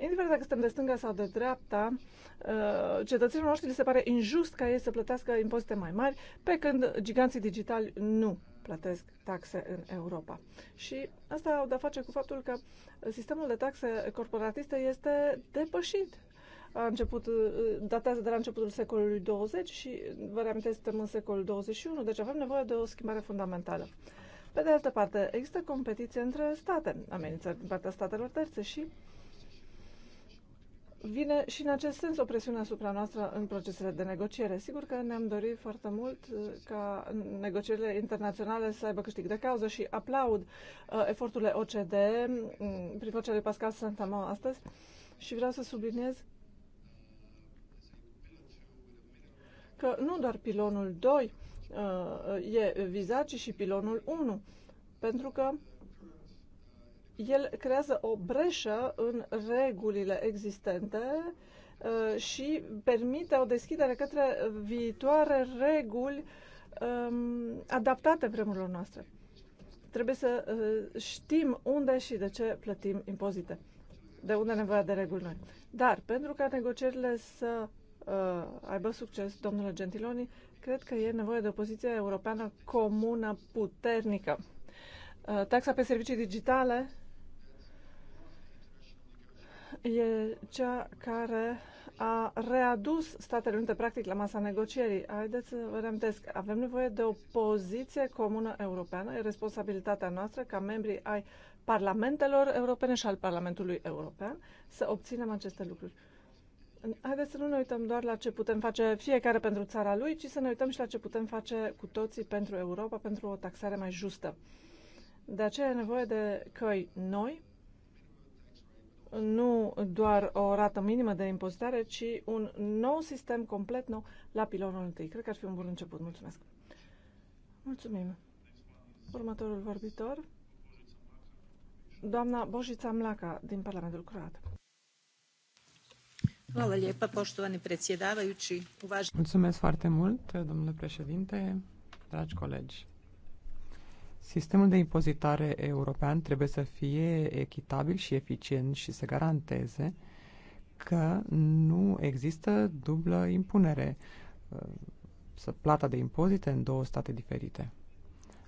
indiferent dacă suntem de stânga sau de dreapta, uh, cetățenilor noștri li se pare injust ca ei să plătească impozite mai mari, pe când giganții digitali nu plătesc taxe în Europa. Și asta au de-a face cu faptul că sistemul de taxe corporatiste este depășit. A început, datează de la începutul secolului 20 și, vă reamintesc, suntem în secolul 21, deci avem nevoie de o schimbare fundamentală. Pe de altă parte, există competiție între state, amenințări din partea statelor terțe și vine și în acest sens o presiune asupra noastră în procesele de negociere. Sigur că ne-am dorit foarte mult uh, ca negocierile internaționale să aibă câștig de cauză și aplaud uh, eforturile OCDE mm, prin vocea lui Pascal Santamon astăzi și vreau să subliniez că nu doar pilonul 2 uh, e vizat, ci și pilonul 1, pentru că el creează o breșă în regulile existente uh, și permite o deschidere către viitoare reguli um, adaptate vremurilor noastre. Trebuie să uh, știm unde și de ce plătim impozite, de unde nevoia de reguli noi. Dar pentru ca negocierile să uh, aibă succes, domnule Gentiloni, cred că e nevoie de o poziție europeană comună puternică. Taxa pe servicii digitale e cea care a readus Statele Unite practic la masa negocierii. Haideți să vă reamintesc, avem nevoie de o poziție comună europeană, e responsabilitatea noastră ca membri ai parlamentelor europene și al Parlamentului European să obținem aceste lucruri. Haideți să nu ne uităm doar la ce putem face fiecare pentru țara lui, ci să ne uităm și la ce putem face cu toții pentru Europa, pentru o taxare mai justă. De aceea e nevoie de căi noi nu doar o rată minimă de impozitare, ci un nou sistem complet nou la pilonul întâi. Cred că ar fi un bun început. Mulțumesc! Mulțumim! Următorul vorbitor, doamna Božica Mlaka din Parlamentul Croat. Mulțumesc foarte mult, domnule președinte, dragi colegi. Sistemul de impozitare european trebuie să fie echitabil și eficient și să garanteze că nu există dublă impunere, uh, să plata de impozite în două state diferite.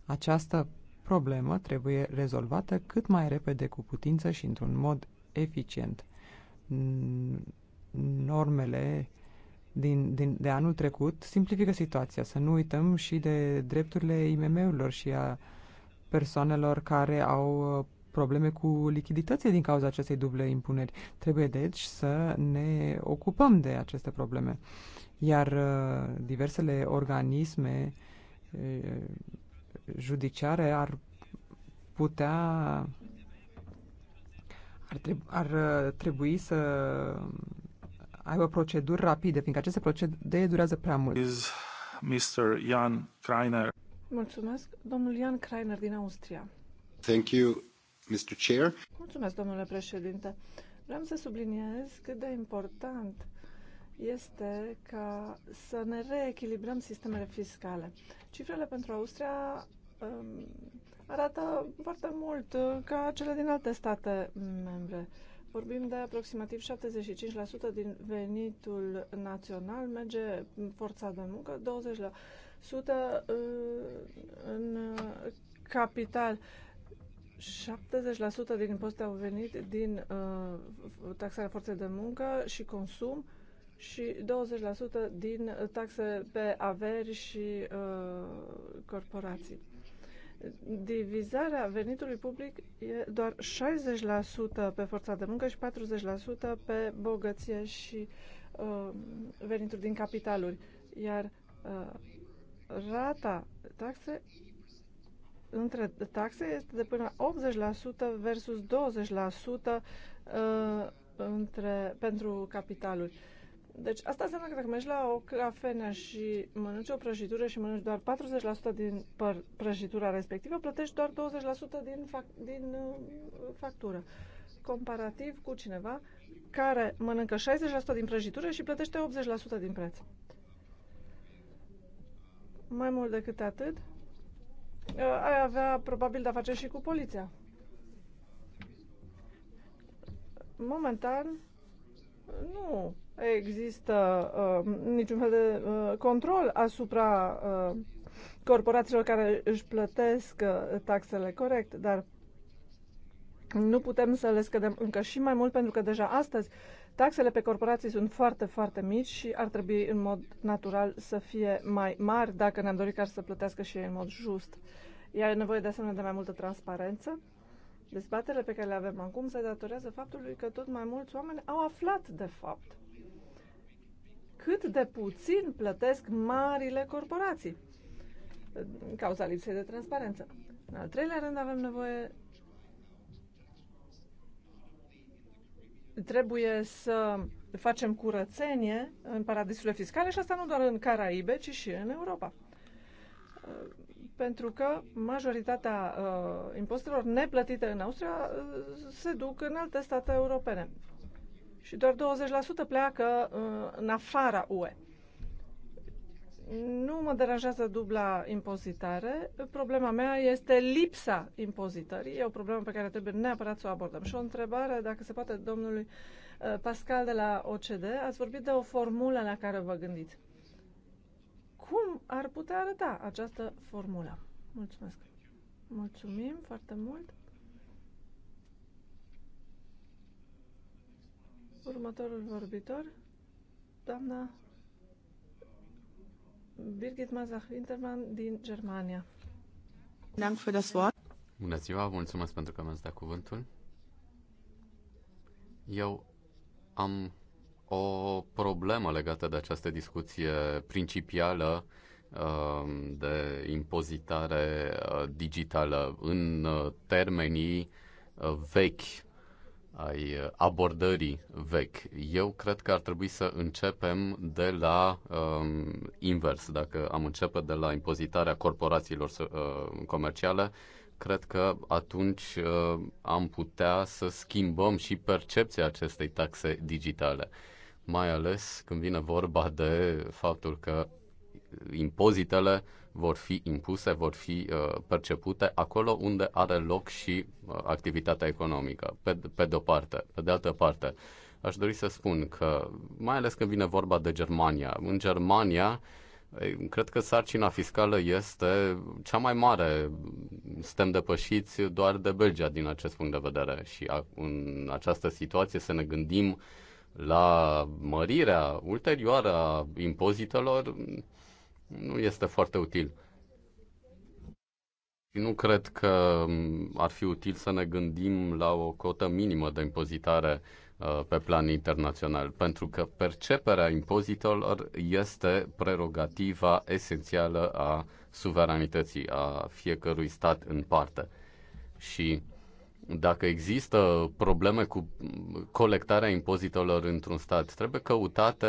Această problemă trebuie rezolvată cât mai repede cu putință și într-un mod eficient. Normele din, din, de anul trecut simplifică situația. Să nu uităm și de drepturile IMM-urilor și a persoanelor care au uh, probleme cu lichiditățile din cauza acestei duble impuneri. Trebuie deci să ne ocupăm de aceste probleme. Iar uh, diversele organisme uh, judiciare ar putea ar, treb- ar trebui să aibă proceduri rapide, fiindcă aceste procedee durează prea mult. Is Mr. Jan Kreiner. Mulțumesc. Domnul Ian Kreiner din Austria. Thank you, Mr. Chair. Mulțumesc, domnule președinte. Vreau să subliniez cât de important este ca să ne reechilibrăm sistemele fiscale. Cifrele pentru Austria um, arată foarte mult uh, ca cele din alte state membre. Vorbim de aproximativ 75% din venitul național, merge forța de muncă, 20% Uh, în uh, capital. 70% din impozite au venit din uh, taxarea forței de muncă și consum și 20% din taxe pe averi și uh, corporații. Divizarea venitului public e doar 60% pe forța de muncă și 40% pe bogăție și uh, venituri din capitaluri, iar uh, rata taxe între taxe este de până 80% versus 20% uh, între, pentru capitalul. Deci asta înseamnă că dacă mergi la o cafenea și mănânci o prăjitură și mănânci doar 40% din prăjitura respectivă, plătești doar 20% din, fac- din uh, factură. Comparativ cu cineva care mănâncă 60% din prăjitură și plătește 80% din preț. Mai mult decât atât, uh, ai avea probabil de-a face și cu poliția. Momentan, nu există uh, niciun fel de uh, control asupra uh, corporațiilor care își plătesc uh, taxele corect, dar nu putem să le scădem încă și mai mult pentru că deja astăzi uh, Taxele pe corporații sunt foarte, foarte mici și ar trebui în mod natural să fie mai mari dacă ne-am dorit ca să plătească și ei în mod just. Ea e nevoie de asemenea de mai multă transparență. Dezbaterile pe care le avem acum se datorează faptului că tot mai mulți oameni au aflat de fapt cât de puțin plătesc marile corporații cauza lipsei de transparență. În al treilea rând avem nevoie Trebuie să facem curățenie în paradisurile fiscale și asta nu doar în Caraibe, ci și în Europa. Pentru că majoritatea uh, impozitelor neplătite în Austria uh, se duc în alte state europene. Și doar 20% pleacă uh, în afara UE. Nu mă deranjează dubla impozitare. Problema mea este lipsa impozitării. E o problemă pe care trebuie neapărat să o abordăm. Și o întrebare, dacă se poate, domnului uh, Pascal de la OCD. Ați vorbit de o formulă la care vă gândiți. Cum ar putea arăta această formulă? Mulțumesc. Mulțumim foarte mult. Următorul vorbitor, doamna Birgit Mazach-Wintermann din Germania. Bună ziua, mulțumesc pentru că mi-ați dat cuvântul. Eu am o problemă legată de această discuție principială uh, de impozitare uh, digitală în uh, termenii vechi ai uh, abordării vechi. Eu cred că ar trebui să începem de la um, invers. Dacă am începe de la impozitarea corporațiilor uh, comerciale, cred că atunci uh, am putea să schimbăm și percepția acestei taxe digitale. Mai ales când vine vorba de faptul că impozitele vor fi impuse, vor fi uh, percepute acolo unde are loc și uh, activitatea economică, pe, pe de-o parte. Pe de altă parte, aș dori să spun că, mai ales când vine vorba de Germania, în Germania, Cred că sarcina fiscală este cea mai mare. Suntem depășiți doar de Belgia din acest punct de vedere și în această situație să ne gândim la mărirea ulterioară a impozitelor nu este foarte util. Și nu cred că ar fi util să ne gândim la o cotă minimă de impozitare uh, pe plan internațional, pentru că perceperea impozitelor este prerogativa esențială a suveranității a fiecărui stat în parte. Și dacă există probleme cu colectarea impozitelor într-un stat, trebuie căutate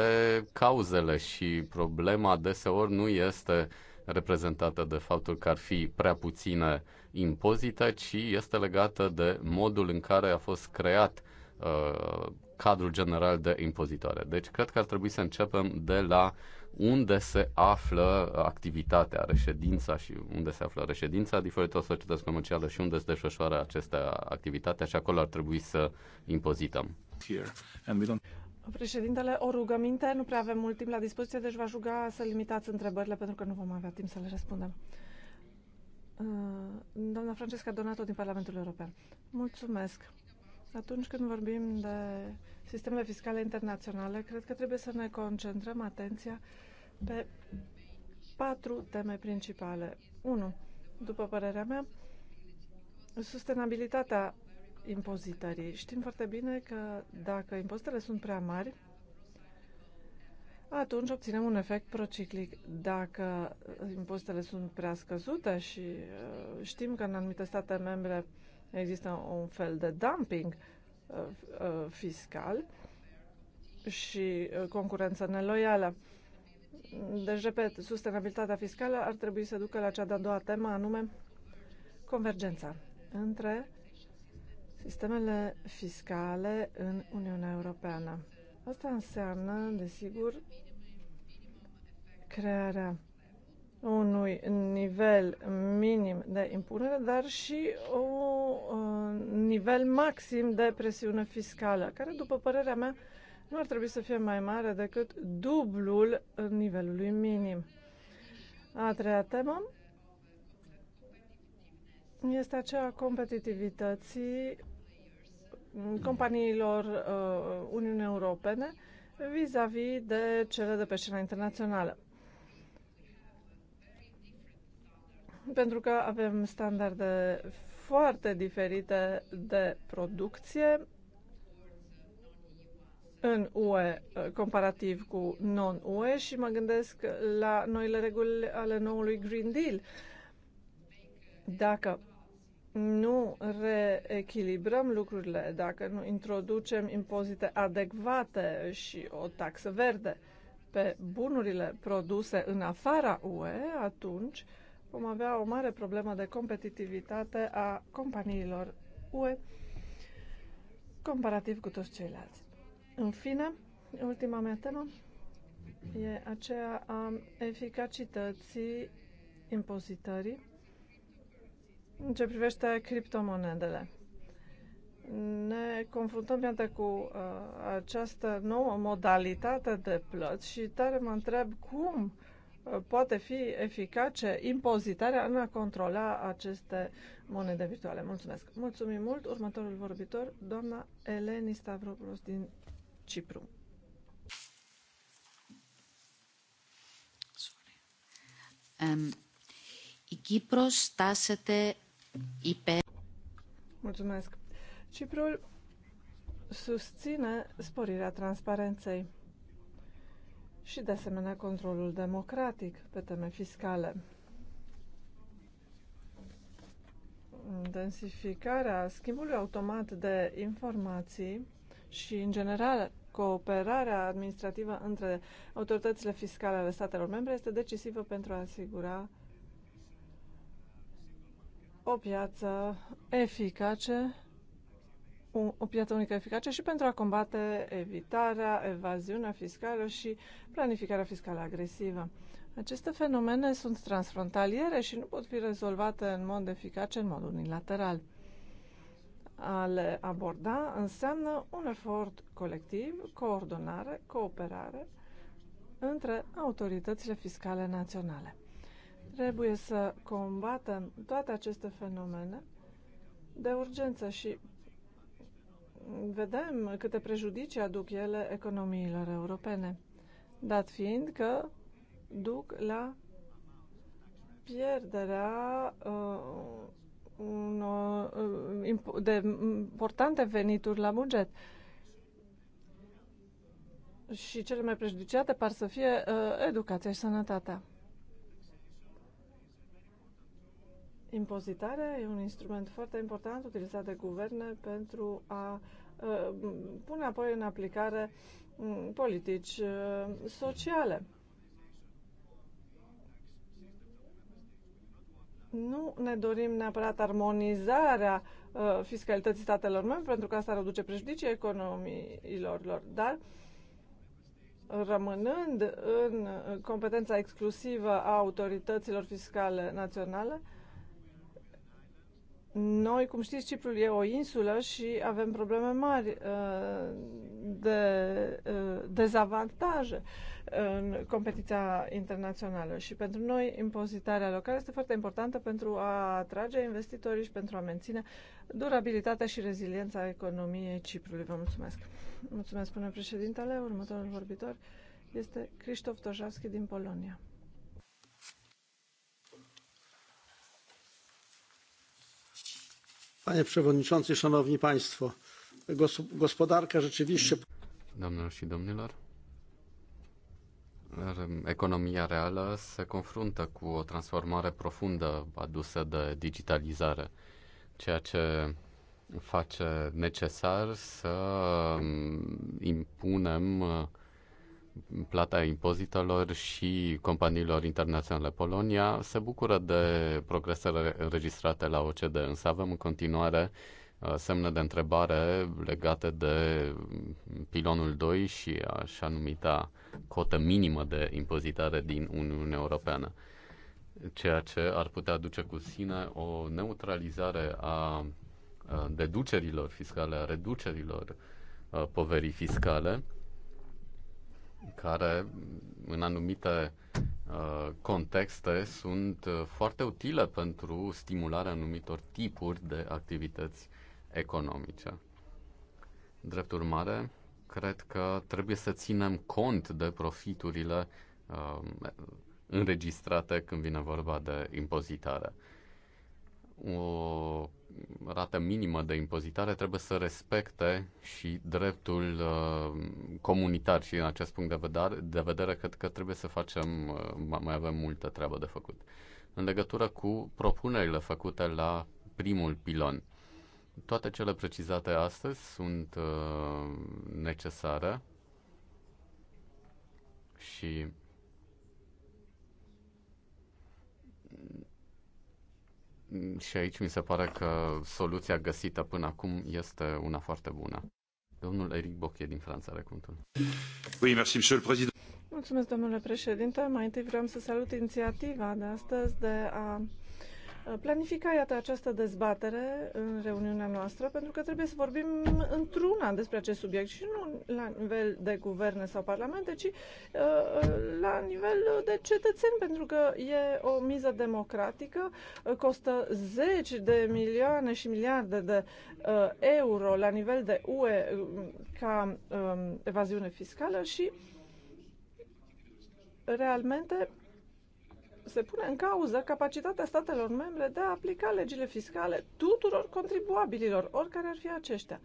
cauzele și problema deseori nu este reprezentată de faptul că ar fi prea puține impozite, ci este legată de modul în care a fost creat uh, cadrul general de impozitoare. Deci cred că ar trebui să începem de la uh, unde se află activitatea, reședința și unde se află reședința diferitelor societăți comerciale și unde se desfășoară acestea activitate și acolo ar trebui să impozităm. Președintele, o rugăminte, nu prea avem mult timp la dispoziție, deci v-aș ruga să limitați întrebările pentru că nu vom avea timp să le răspundem. Uh, doamna Francesca Donato din Parlamentul European. Mulțumesc. Atunci când vorbim de sistemele fiscale internaționale, cred că trebuie să ne concentrăm atenția pe patru teme principale. 1. După părerea mea, sustenabilitatea impozitării. Știm foarte bine că dacă impozitele sunt prea mari, atunci obținem un efect prociclic. Dacă impozitele sunt prea scăzute și uh, știm că în anumite state membre Există un fel de dumping uh, uh, fiscal și uh, concurență neloială. Deci, repet, sustenabilitatea fiscală ar trebui să ducă la cea de-a doua temă, anume convergența între sistemele fiscale în Uniunea Europeană. Asta înseamnă, desigur, crearea unui nivel minim de impunere, dar și un uh, nivel maxim de presiune fiscală, care, după părerea mea, nu ar trebui să fie mai mare decât dublul nivelului minim. A treia temă este aceea competitivității companiilor uh, Uniunii Europene vis-a-vis -vis de cele de pe scena internațională. pentru că avem standarde foarte diferite de producție în UE comparativ cu non-UE și mă gândesc la noile reguli ale noului Green Deal. Dacă nu reechilibrăm lucrurile, dacă nu introducem impozite adecvate și o taxă verde pe bunurile produse în afara UE, atunci uh, vom avea o mare problemă de competitivitate a companiilor UE comparativ cu toți ceilalți. În fine, ultima mea temă e aceea a eficacității impozitării în ce privește criptomonedele. Ne confruntăm, iată, cu uh, această nouă modalitate de plăți și tare mă întreb cum uh, poate fi eficace impozitarea în a controla aceste monede virtuale. Mulțumesc! Mulțumim mult! Următorul vorbitor, doamna Eleni Stavropoulos din Cipru. Um, η Κύπρος στάσεται υπέρ... Mulțumesc! Ciprul susține sporirea transparenței și, de asemenea, controlul democratic pe teme fiscale. Intensificarea schimbului automat de informații și, în general, cooperarea administrativă între autoritățile fiscale ale statelor membre este decisivă pentru a asigura o piață eficace o, o piață unică eficace și pentru a combate evitarea, evaziunea fiscală și planificarea fiscală agresivă. Aceste fenomene sunt transfrontaliere și nu pot fi rezolvate în mod eficace, în mod unilateral. A le aborda înseamnă un efort colectiv, coordonare, cooperare între autoritățile fiscale naționale. Trebuie să combatem toate aceste fenomene de urgență și vedem câte prejudicii aduc ele economiilor europene, dat fiind că duc la pierderea uh, unor, uh, de importante venituri la buget. Și cele mai prejudiciate par să fie uh, educația și sănătatea. Impozitarea e un instrument foarte important utilizat de guverne pentru a uh, pune apoi în aplicare mm, politici uh, sociale. Nu ne dorim neapărat armonizarea uh, fiscalității statelor membre, pentru că asta reduce prejudicii economiilor lor, dar rămânând în competența exclusivă a autorităților fiscale naționale, noi, cum știți, Ciprul e o insulă și avem probleme mari uh, de uh, dezavantaje în competiția internațională și pentru noi impozitarea locală este foarte importantă pentru a atrage investitorii și pentru a menține durabilitatea și reziliența economiei Ciprului. Vă mulțumesc! Mulțumesc, spune președintele. Următorul vorbitor este Cristof Tojavski din Polonia. Panie Przewodniczący, Szanowni Państwo, gospodarka rzeczywiście... Doamnelor și domnilor, economia reală se confruntă cu o transformare profundă adusă de digitalizare, ceea ce face necesar să mm, impunem plata impozitelor și companiilor internaționale. Polonia se bucură de progresele înregistrate la OCDE, însă avem în continuare uh, semne de întrebare legate de pilonul 2 și așa numita cotă minimă de impozitare din Uniunea Europeană, ceea ce ar putea duce cu sine o neutralizare a uh, deducerilor fiscale, a reducerilor uh, poverii fiscale care în anumite uh, contexte sunt uh, foarte utile pentru stimularea anumitor tipuri de activități economice. Drept urmare, cred că trebuie să ținem cont de profiturile uh, înregistrate când vine vorba de impozitare. O rată minimă de impozitare trebuie să respecte și dreptul uh, comunitar și în acest punct de vedere, de vedere cred că trebuie să facem, uh, mai avem multă treabă de făcut. În legătură cu propunerile făcute la primul pilon, toate cele precizate astăzi sunt uh, necesare și și aici mi se pare că soluția găsită până acum este una foarte bună. Domnul Eric Bochet din Franța are cuvântul. Oui, merci, monsieur le président. Mulțumesc, domnule președinte. Mai întâi vreau să salut inițiativa de astăzi de a Planificai iată, această dezbatere în reuniunea noastră, pentru că trebuie să vorbim într-una despre acest subiect și nu la nivel de guverne sau parlamente, ci uh, la nivel de cetățeni, pentru că e o miză democratică, uh, costă zeci de milioane și miliarde de uh, euro la nivel de UE um, ca um, evaziune fiscală și realmente se pune în cauză capacitatea statelor membre de a aplica legile fiscale tuturor contribuabililor, oricare ar fi aceștia.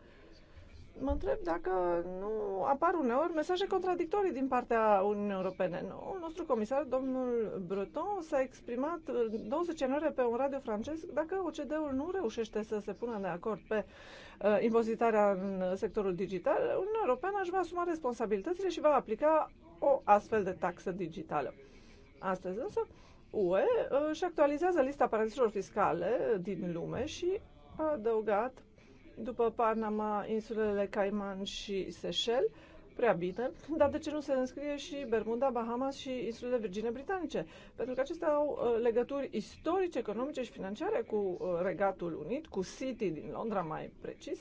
Mă întreb dacă nu apar uneori mesaje contradictorii din partea Uniunii Europene. Un nostru comisar, domnul Breton, s-a exprimat 20 ianuarie pe un radio francez dacă OCD-ul nu reușește să se pună de acord pe uh, impozitarea în sectorul digital, Uniunea Europeană își va asuma responsabilitățile și va aplica o astfel de taxă digitală. Astăzi însă UE uh, își actualizează lista paradisurilor fiscale din lume și a adăugat după Panama, insulele Cayman și Seychelles, prea bine, dar de ce nu se înscrie și Bermuda, Bahamas și insulele Virgine Britanice? Pentru că acestea au uh, legături istorice, economice și financiare cu uh, Regatul Unit, cu City din Londra mai precis,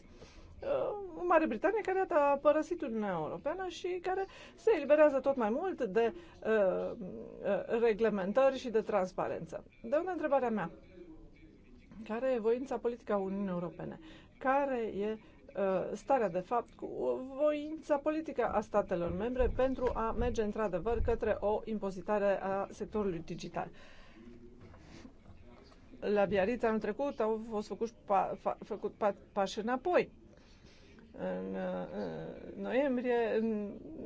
uh, Mare Britanie care a părăsit Uniunea Europeană și care se eliberează tot mai mult de uh, uh, reglementări și de transparență. De unde întrebarea mea? Care e voința politică a Uniunii Europene? Care e uh, starea de fapt cu voința politică a statelor membre pentru a merge într-adevăr către o impozitare a sectorului digital? La Biarritz anul trecut au fost făcut, pa, fa, pa, pași înapoi în, uh, în noiembrie,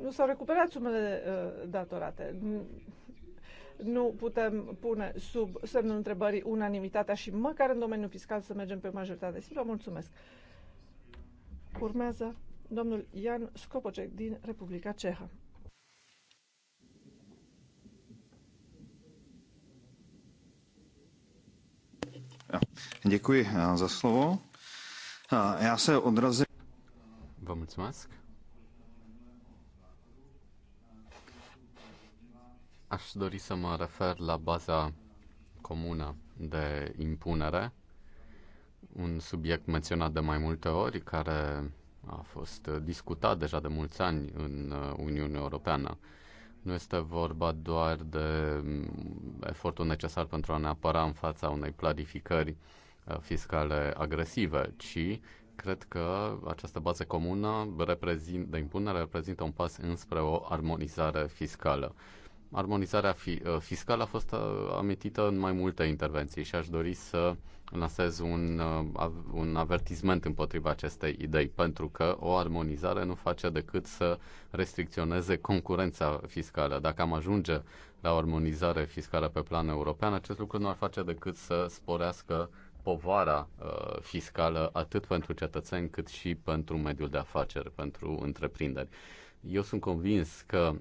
nu s-au recuperat sumele uh, datorate. Nu putem pune sub semnul întrebării unanimitatea și măcar în domeniul fiscal să mergem pe majoritate Vă Mulțumesc! Urmează domnul Ian Skopocek din Republica Cehă. Děkuji eh, za slovo. Eh, já se odrazím. Vă mulțumesc. Aș dori să mă refer la baza comună de impunere, un subiect menționat de mai multe ori, care a fost discutat deja de mulți ani în Uniunea Europeană. Nu este vorba doar de efortul necesar pentru a ne apăra în fața unei planificări uh, fiscale agresive, ci cred că această bază comună reprezint, de impunere reprezintă un pas înspre o armonizare fiscală. Armonizarea fi, uh, fiscală a fost uh, amintită în mai multe intervenții și aș dori să lansez un, uh, un avertisment împotriva acestei idei, pentru că o armonizare nu face decât să restricționeze concurența fiscală. Dacă am ajunge la o armonizare fiscală pe plan european, acest lucru nu ar face decât să sporească povara uh, fiscală atât pentru cetățeni cât și pentru mediul de afaceri, pentru întreprinderi. Eu sunt convins că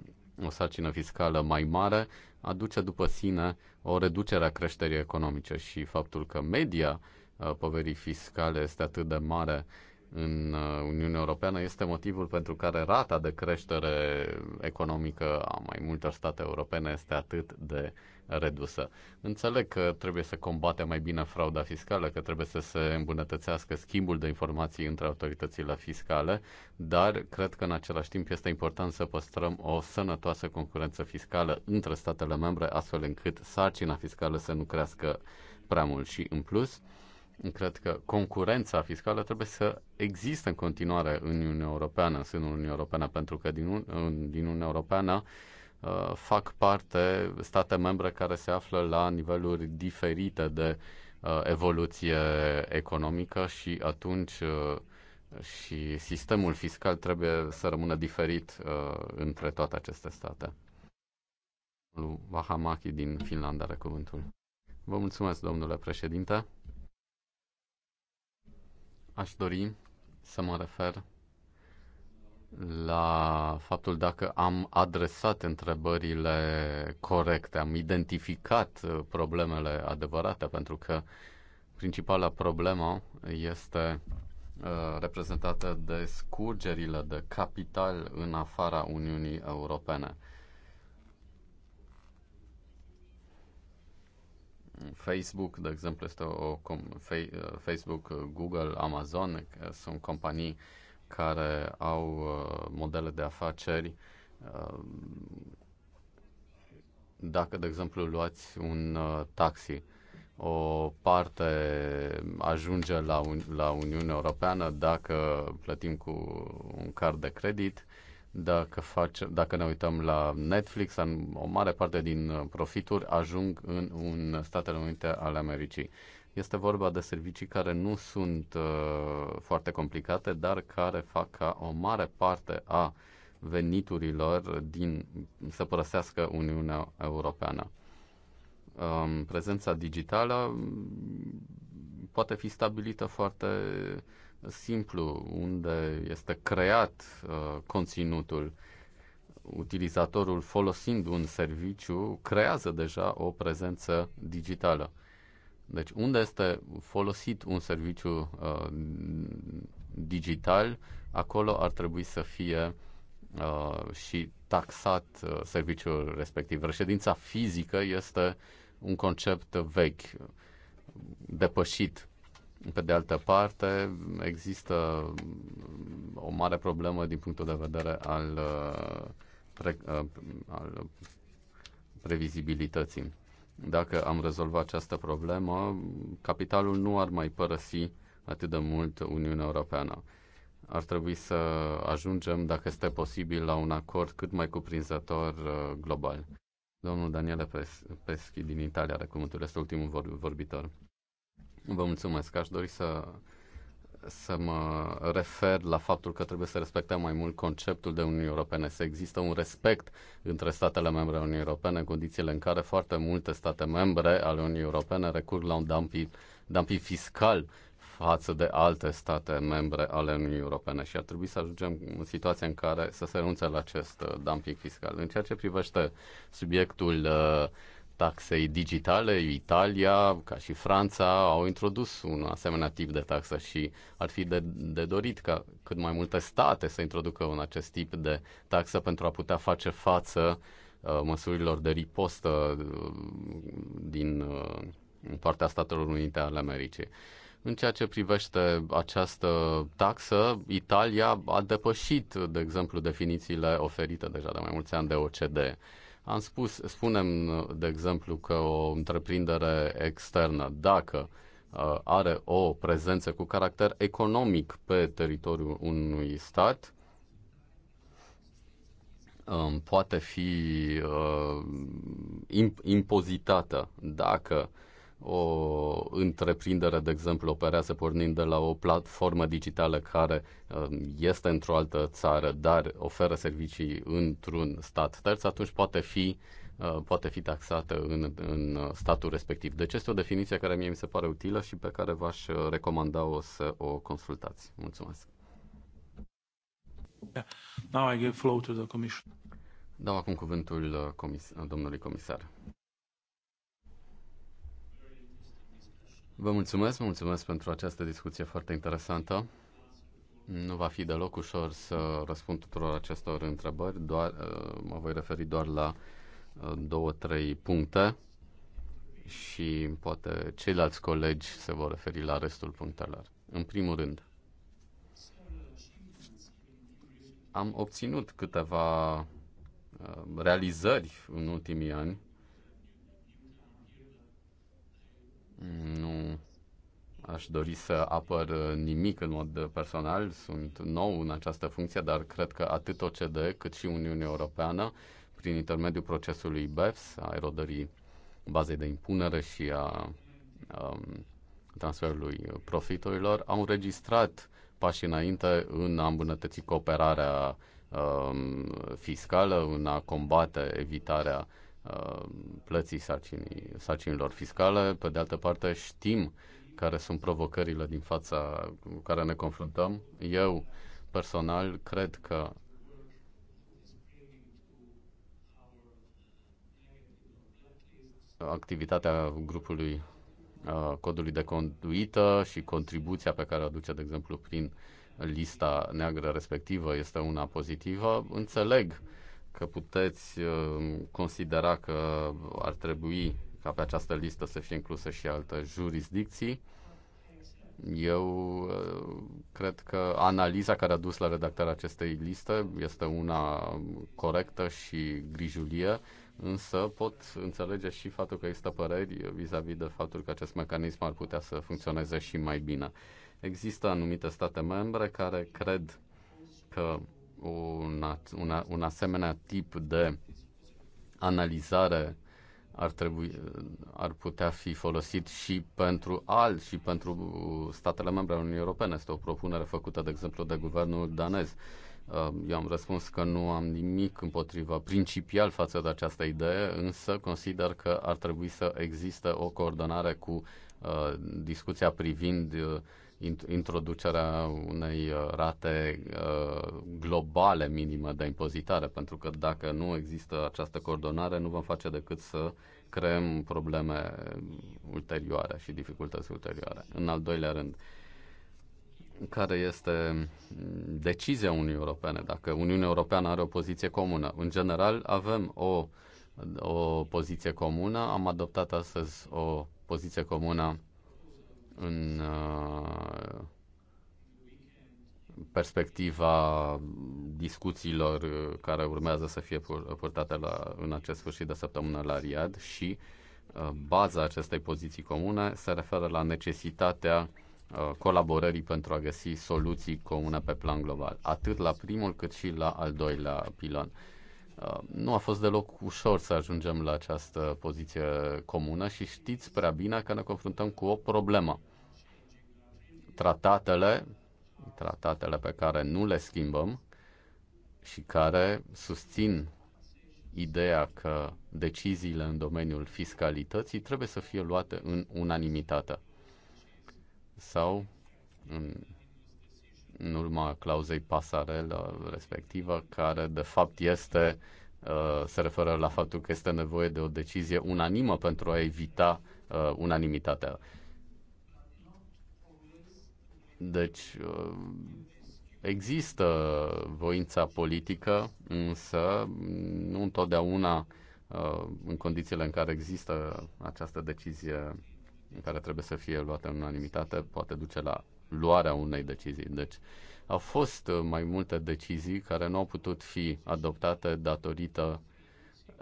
o sarcină fiscală mai mare aduce după sine o reducere a creșterii economice și faptul că media uh, poverii fiscale este atât de mare în uh, Uniunea Europeană este motivul pentru care rata de creștere economică a mai multor state europene este atât de redusă. Înțeleg că trebuie să combate mai bine frauda fiscală, că trebuie să se îmbunătățească schimbul de informații între autoritățile fiscale, dar cred că în același timp este important să păstrăm o sănătoasă concurență fiscală între statele membre, astfel încât sarcina fiscală să nu crească prea mult și în plus cred că concurența fiscală trebuie să există în continuare în Uniunea Europeană, în Uniunea Europeană pentru că din, din Uniunea Europeană Uh, fac parte state membre care se află la niveluri diferite de uh, evoluție economică și atunci uh, și sistemul fiscal trebuie să rămână diferit între toate aceste state. Vahamaki din Finlanda are cuvântul. Vă mulțumesc, domnule președinte. Aș dori să mă refer la faptul dacă am adresat întrebările corecte, am identificat uh, problemele adevărate, pentru că principala problemă este uh, reprezentată de scurgerile de capital în afara Uniunii Europene. Facebook, de exemplu, este o, uh, Facebook, Google, Amazon sunt companii uh, care au uh, modele de afaceri. Uh, dacă, de exemplu, luați un uh, taxi, o parte ajunge la, Uni- la Uniunea Europeană dacă plătim cu un card de credit, dacă, face, dacă ne uităm la Netflix, o mare parte din profituri ajung în, în Statele Unite ale Americii. Este vorba de servicii care nu sunt uh, foarte complicate, dar care fac ca o mare parte a veniturilor din, să părăsească Uniunea Europeană. Um, prezența digitală mm, poate fi stabilită foarte simplu, unde este creat uh, conținutul. Utilizatorul folosind un serviciu creează deja o prezență digitală. Deci unde este folosit un serviciu uh, digital, acolo ar trebui să fie uh, și taxat uh, serviciul respectiv. Reședința fizică este un concept vechi, depășit. Pe de altă parte, există um, o mare problemă din punctul de vedere al, uh, pre, uh, al uh, previzibilității dacă am rezolvat această problemă, capitalul nu ar mai părăsi atât de mult Uniunea Europeană. Ar trebui să ajungem, dacă este posibil, la un acord cât mai cuprinzător uh, global. Domnul Daniele Pes- Peschi din Italia, cuvântul, este ultimul vorbitor. Vă mulțumesc. Aș dori să să mă refer la faptul că trebuie să respectăm mai mult conceptul de Uniune Europene, să există un respect între statele membre ale Uniunii Europene, condițiile în care foarte multe state membre ale Uniunii Europene recurg la un dumping, dumping fiscal față de alte state membre ale Uniunii Europene și ar trebui să ajungem în situația în care să se renunțe la acest uh, dumping fiscal. În ceea ce privește subiectul uh, taxei digitale, Italia, ca și Franța, au introdus un asemenea tip de taxă și ar fi de, de dorit ca cât mai multe state să introducă un acest tip de taxă pentru a putea face față uh, măsurilor de ripostă uh, din uh, partea Statelor Unite ale Americii. În ceea ce privește această taxă, Italia a depășit, de exemplu, definițiile oferite deja de mai mulți ani de OCDE am spus, spunem, de exemplu, că o întreprindere externă, dacă uh, are o prezență cu caracter economic pe teritoriul unui stat, um, poate fi uh, impozitată dacă o întreprindere, de exemplu, operează pornind de la o platformă digitală care um, este într-o altă țară, dar oferă servicii într-un stat terț, atunci poate fi uh, poate fi taxată în, în uh, statul respectiv. Deci este o definiție care mie mi se pare utilă și pe care v-aș uh, recomanda o să o consultați. Mulțumesc. Yeah. Now I give flow to the commission. Dau acum cuvântul comis- domnului comisar. Vă mulțumesc, vă mulțumesc pentru această discuție foarte interesantă. Nu va fi deloc ușor să răspund tuturor acestor întrebări, doar, uh, mă voi referi doar la uh, două, trei puncte și poate ceilalți colegi se vor referi la restul punctelor. În primul rând, am obținut câteva uh, realizări în ultimii ani Nu aș dori să apăr nimic în mod personal, sunt nou în această funcție, dar cred că atât OCD cât și Uniunea Europeană, prin intermediul procesului BEPS, a erodării bazei de impunere și a a um, transferului profiturilor, au înregistrat pași înainte în a îmbunătăți cooperarea um, fiscală, în a combate evitarea Uh, plății sarcinii, sarcinilor fiscale. Pe de altă parte, știm care sunt provocările din fața cu care ne confruntăm. Eu, personal, cred că activitatea grupului uh, codului de conduită și contribuția pe care o aduce, de exemplu, prin lista neagră respectivă este una pozitivă. Înțeleg uh, că puteți uh, considera că ar trebui ca pe această listă să fie inclusă și alte jurisdicții. Eu uh, cred că analiza care a dus la redactarea acestei liste este una corectă și grijulie, însă pot înțelege și faptul că există păreri vis-a-vis -vis de faptul că acest mecanism ar putea să funcționeze și mai bine. Există anumite state membre care cred că un, un, un asemenea tip de analizare ar, trebui, ar putea fi folosit și pentru alt și pentru statele membre ale Uniunii Europene. Este o propunere făcută, de exemplu, de guvernul danez. Uh, eu am răspuns că nu am nimic împotriva principial față de această idee, însă consider că ar trebui să existe o coordonare cu uh, discuția privind uh, introducerea unei uh, rate uh, globale minime de impozitare, pentru că dacă nu există această coordonare, nu vom face decât să creăm probleme ulterioare și dificultăți ulterioare. În al doilea rând, care este decizia Uniunii Europene, dacă Uniunea Europeană are o poziție comună. În general, avem o, o poziție comună, am adoptat astăzi o poziție comună în uh, perspectiva discuțiilor uh, care urmează să fie purtate la, în acest sfârșit de săptămână la Riad și uh, baza acestei poziții comune se referă la necesitatea colaborării pentru a găsi soluții comune pe plan global, atât la primul cât și la al doilea pilon. Nu a fost deloc ușor să ajungem la această poziție comună și știți prea bine că ne confruntăm cu o problemă tratatele, tratatele pe care nu le schimbăm și care susțin ideea că deciziile în domeniul fiscalității trebuie să fie luate în unanimitate sau în, în urma clauzei pasarelă respectivă, care de fapt este uh, se referă la faptul că este nevoie de o decizie unanimă pentru a evita uh, unanimitatea. Deci uh, există voința politică, însă nu întotdeauna uh, în condițiile în care există această decizie în care trebuie să fie luată în unanimitate, poate duce la luarea unei decizii. Deci au fost uh, mai multe decizii care nu au putut fi adoptate datorită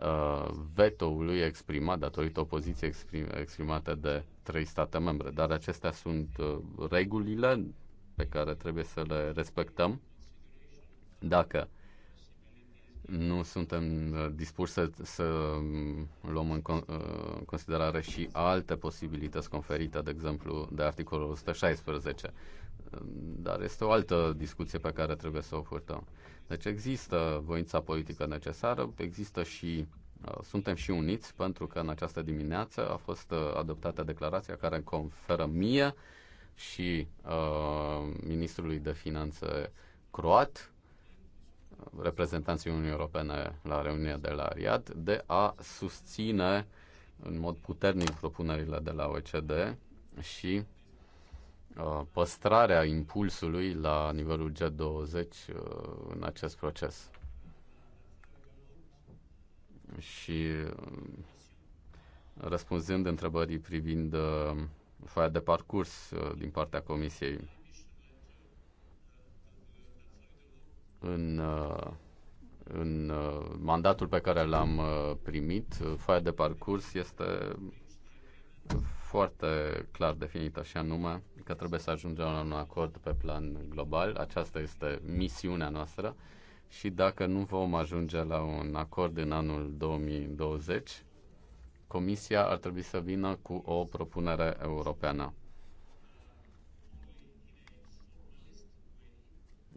uh, vetoului exprimat datorită opoziției exprim, exprimate de trei state membre. Dar acestea sunt uh, regulile pe care trebuie să le respectăm. Dacă nu suntem uh, dispuși să, să mm, luăm în uh, considerare și alte posibilități conferite, de exemplu, de articolul 116. Mm, dar este o altă discuție pe care trebuie să o furtăm. Deci există voința politică necesară, există și uh, suntem și uniți pentru că în această dimineață a fost adoptată declarația care conferă mie și uh, ministrului de finanțe croat reprezentanții Uniunii Europene la reuniunea de la Riad de a susține în mod puternic propunerile de la OECD și uh, păstrarea impulsului la nivelul G20 uh, în acest proces. Și uh, răspunzând întrebării privind foaia de parcurs din partea Comisiei în, uh, în uh, mandatul pe care l-am uh, primit, foaia de parcurs este foarte clar definită și anume că trebuie să ajungem la un acord pe plan global. Aceasta este misiunea noastră și dacă nu vom ajunge la un acord în anul 2020, Comisia ar trebui să vină cu o propunere europeană.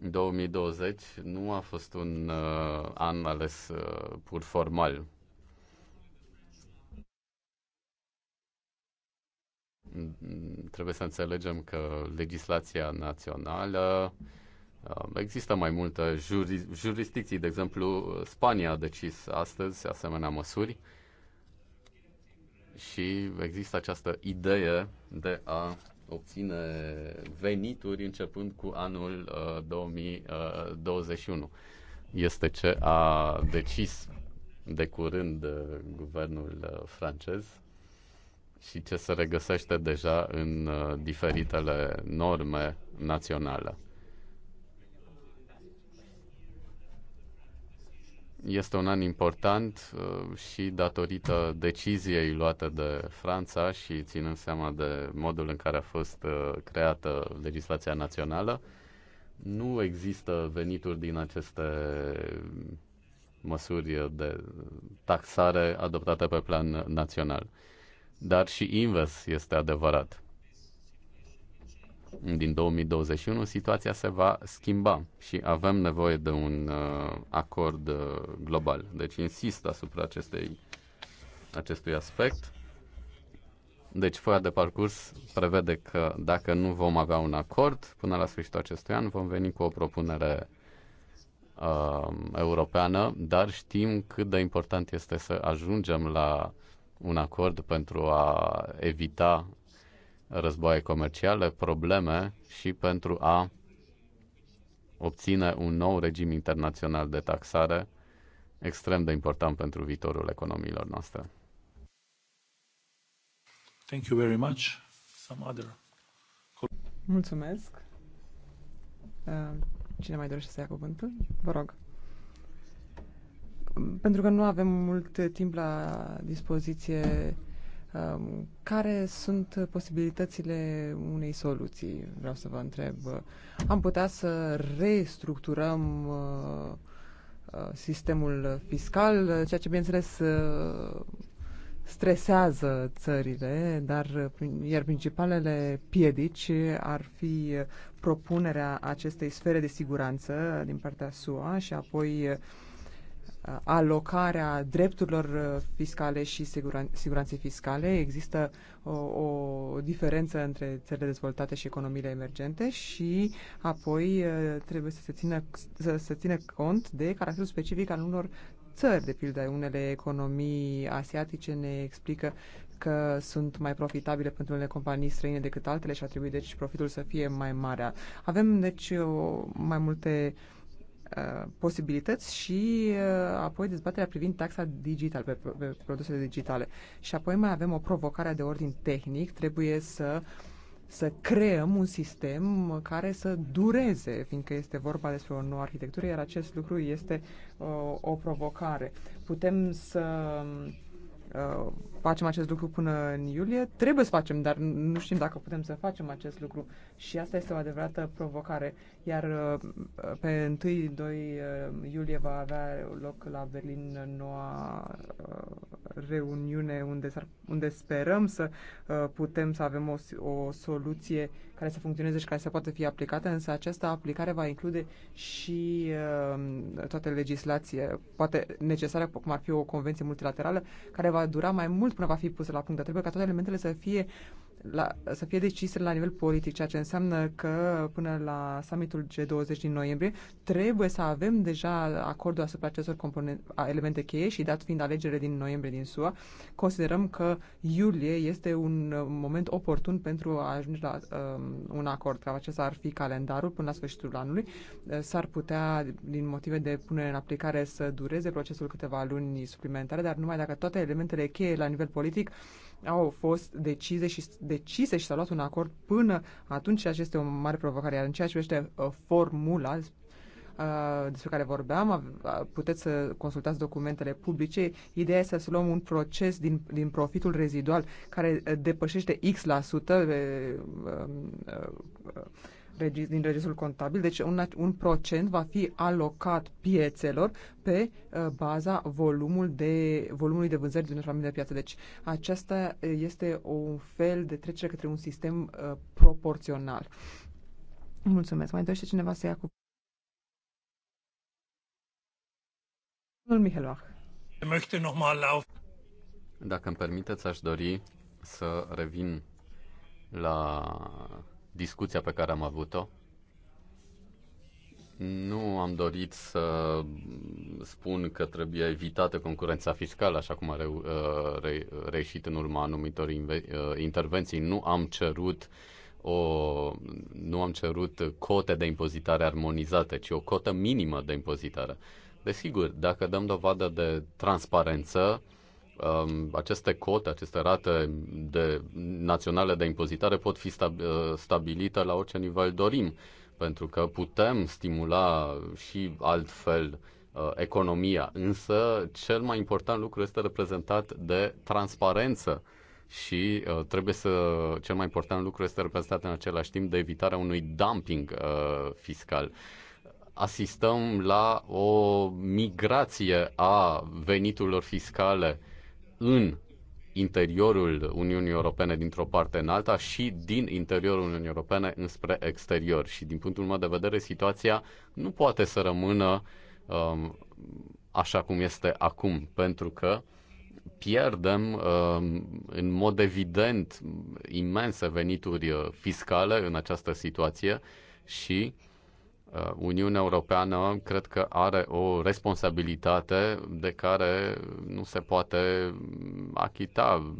2020 nu a fost un uh, an ales uh, pur formal. Trebuie să înțelegem că legislația națională um, Există mai multe juri, jurisdicții, de exemplu, Spania a decis astăzi asemenea măsuri și există această idee de a obține venituri începând cu anul uh, 2021. Uh, este ce a decis de curând uh, guvernul uh, francez și ce se regăsește deja în uh, diferitele norme naționale. Este un an important uh, și datorită deciziei luate de Franța și ținând seama de modul în care a fost uh, creată legislația națională, nu există venituri din aceste măsuri de taxare adoptate pe plan național. Dar și invers este adevărat din 2021 situația se va schimba și avem nevoie de un uh, acord uh, global. Deci insist asupra acestei, acestui aspect. Deci foaia de parcurs prevede că dacă nu vom avea un acord până la sfârșitul acestui an, vom veni cu o propunere uh, europeană, dar știm cât de important este să ajungem la un acord pentru a evita războaie comerciale, probleme și pentru a obține un nou regim internațional de taxare extrem de important pentru viitorul economiilor noastre. Thank you very much. Some other... Mulțumesc. Uh, cine mai dorește să ia cuvântul? Vă rog. Pentru că nu avem mult timp la dispoziție, Um, care sunt posibilitățile unei soluții? Vreau să vă întreb. Am putea să restructurăm uh, uh, sistemul fiscal, ceea ce, bineînțeles, uh, stresează țările, dar iar principalele piedici ar fi propunerea acestei sfere de siguranță din partea SUA și apoi Uh, alocarea drepturilor uh, fiscale și siguran- siguranței fiscale. Există o, uh, o diferență între țările dezvoltate și economiile emergente și apoi trebuie să se țină, să se țină cont de caracterul specific al unor țări, de pildă unele economii asiatice ne explică că sunt mai profitabile pentru unele companii străine decât altele și ar trebui deci profitul să fie mai mare. Avem deci o, mai multe uh, Uh, posibilități și uh, apoi dezbaterea privind taxa digital pe, pe produsele digitale. Și apoi mai avem o provocare de ordin tehnic, trebuie să să creăm un sistem care să dureze, fiindcă este vorba despre o nouă arhitectură, iar acest lucru este uh, o provocare. Putem să uh, facem acest lucru până în iulie. Trebuie să facem, dar nu știm dacă putem să facem acest lucru. Și asta este o adevărată provocare. Iar uh, pe 1-2 uh, iulie va avea loc la Berlin noua uh, reuniune unde, s unde sperăm să putem să avem o, o soluție care să funcționeze și care să poată fi aplicată, însă această aplicare va include și toate legislație, poate necesară, cum ar fi o convenție multilaterală, care va dura mai mult mult până va fi pusă la punct, dar trebuie ca toate elementele să fie la, să fie decise la nivel politic, ceea ce înseamnă că până la summitul G20 din noiembrie trebuie să avem deja acordul asupra acestor elemente cheie și dat fiind alegerile din noiembrie din SUA, considerăm că iulie este un uh, moment oportun pentru a ajunge la um, un acord. că acesta ar fi calendarul până la sfârșitul anului. Uh, s-ar putea, din motive de punere în aplicare, să dureze procesul câteva luni suplimentare, dar numai dacă toate elementele cheie la nivel nivel politic au fost decise și, decise și s-a luat un acord până atunci ceea ce este o mare provocare. Iar în ceea ce privește uh, formula uh, despre care vorbeam, uh, puteți să consultați documentele publice. Ideea este să luăm un proces din, din profitul rezidual care depășește X%. la sută din registrul contabil, deci un, un procent va fi alocat piețelor pe uh, baza volumul de, volumului de vânzări din familie de piață. Deci aceasta este un fel de trecere către un sistem uh, proporțional. Mulțumesc. Mai dorește cineva să ia cu... Domnul Mihelbach. Dacă îmi permiteți, aș dori să revin la discuția pe care am avut-o. Nu am dorit să spun că trebuie evitată concurența fiscală, așa cum a reu, uh, re, reușit în urma anumitor uh, intervenții. Nu am cerut o, nu am cerut cote de impozitare armonizate, ci o cotă minimă de impozitare. Desigur, dacă dăm dovadă de transparență, uh, Um, aceste cote, aceste rate de, naționale de impozitare pot fi uh, stabilite la orice nivel dorim, pentru că putem stimula și altfel uh, economia, însă cel mai important lucru este reprezentat de transparență și uh, trebuie să cel mai important lucru este reprezentat în același timp de evitarea unui dumping uh, fiscal. Asistăm la o migrație a veniturilor fiscale în interiorul Uniunii Europene dintr-o parte în alta și din interiorul Uniunii Europene înspre exterior. Și din punctul meu de vedere, situația nu poate să rămână um, așa cum este acum, pentru că pierdem um, în mod evident imense venituri uh, fiscale în această situație și uh, Uh, Uniunea Europeană cred că are o responsabilitate de care nu se poate achita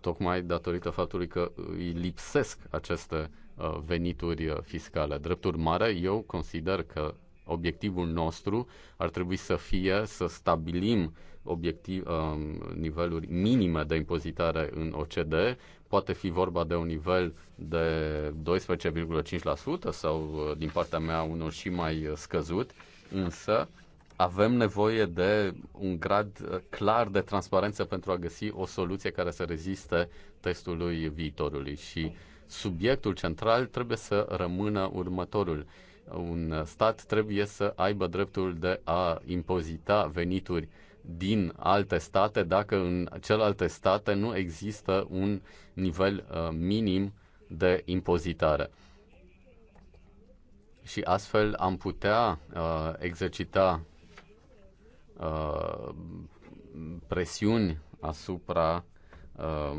tocmai datorită faptului că îi lipsesc aceste uh, venituri uh, fiscale. Drept urmare, eu consider că obiectivul nostru ar trebui să fie să stabilim obiectiv, niveluri minime de impozitare în OCD, Poate fi vorba de un nivel de 12,5% sau, uh, din partea mea, unul și mai uh, scăzut, însă avem nevoie de un grad uh, clar de transparență pentru a găsi o soluție care să reziste testului viitorului și subiectul central trebuie să rămână următorul. Un stat trebuie să aibă dreptul de a impozita venituri din alte state dacă în celelalte state nu există un nivel uh, minim de impozitare. Și astfel am putea uh, exercita uh, presiuni asupra uh,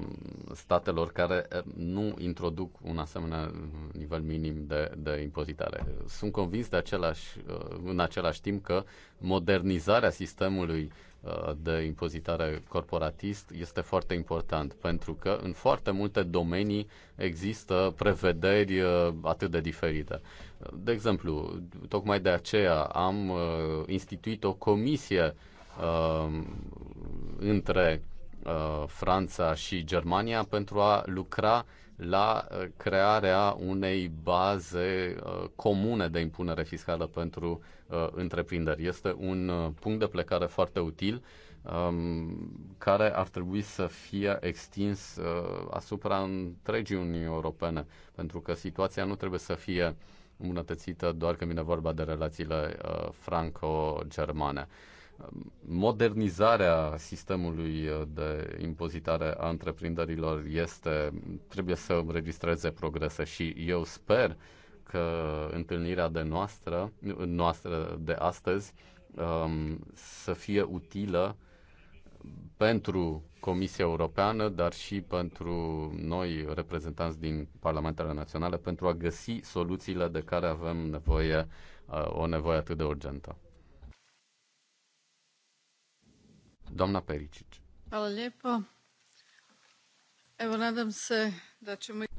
statelor care uh, nu introduc un asemenea nivel minim de, de impozitare. Sunt convins de același, uh, în același timp că modernizarea sistemului de impozitare corporatist este foarte important pentru că în foarte multe domenii există prevederi uh, atât de diferite. De exemplu, tocmai de aceea am uh, instituit o comisie uh, între Uh, Franța și Germania pentru a lucra la uh, crearea unei baze uh, comune de impunere fiscală pentru întreprinderi. Este un punct de plecare foarte util um, care ar trebui să fie extins asupra întregii Uniunii Europene, pentru că situația nu trebuie să fie îmbunătățită doar când vine vorba de relațiile franco-germane modernizarea sistemului de impozitare a întreprinderilor este, trebuie să înregistreze progrese și eu sper că întâlnirea de noastră, noastră de astăzi um, să fie utilă pentru Comisia Europeană, dar și pentru noi, reprezentanți din Parlamentele Naționale, pentru a găsi soluțiile de care avem nevoie, uh, o nevoie atât de urgentă. Doamna Pericic. Da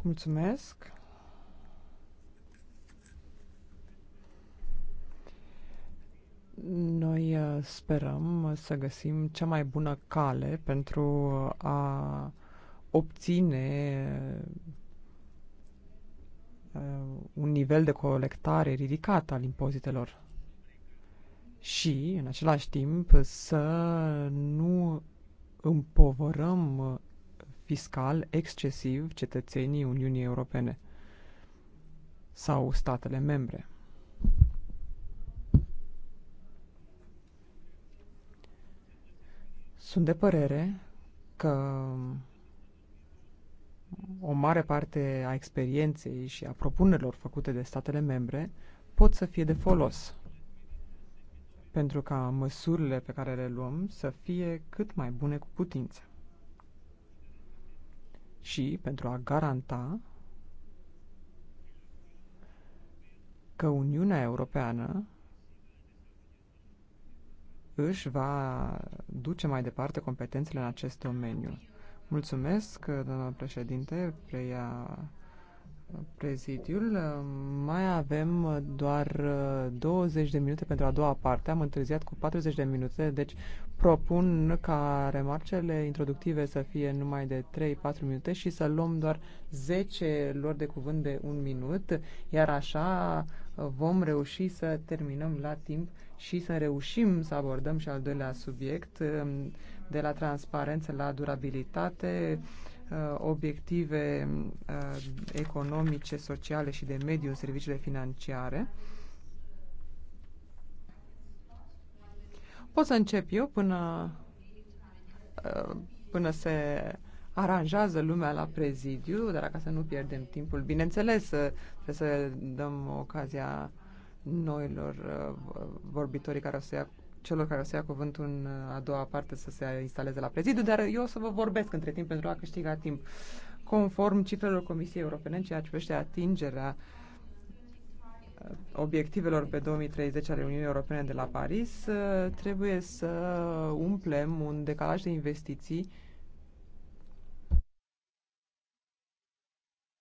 Mulțumesc. Noi uh, sperăm să găsim cea mai bună cale pentru a obține uh, un nivel de colectare ridicat al impozitelor și, în același timp, să nu împovărăm fiscal excesiv cetățenii Uniunii Europene sau statele membre. Sunt de părere că o mare parte a experienței și a propunerilor făcute de statele membre pot să fie de folos pentru ca măsurile pe care le luăm să fie cât mai bune cu putință. Și pentru a garanta că Uniunea Europeană își va duce mai departe competențele în acest domeniu. Mulțumesc, doamna președinte, preia prezidiul. Mai avem doar 20 uh, de minute pentru a doua parte. Am întârziat cu 40 de minute, deci propun ca remarcele introductive să fie numai de 3-4 minute și să luăm doar 10 lor de cuvânt de un minut, iar așa uh, vom reuși să terminăm la timp și să reușim să abordăm și al doilea subiect, um, de la transparență la durabilitate, Uh, obiective uh, economice, sociale și de mediu în serviciile financiare. Pot să încep eu până, uh, până se aranjează lumea la prezidiu, dar ca să nu pierdem timpul, bineînțeles, trebuie să dăm ocazia noilor vorbitori care o să ia celor care o să ia cuvântul în uh, a doua parte să se instaleze la prezidiu, dar eu o să vă vorbesc între timp pentru a câștiga timp. Conform cifrelor Comisiei Europene, în ceea ce privește atingerea uh, obiectivelor pe 2030 ale Uniunii Europene de la Paris, uh, trebuie să umplem un decalaj de investiții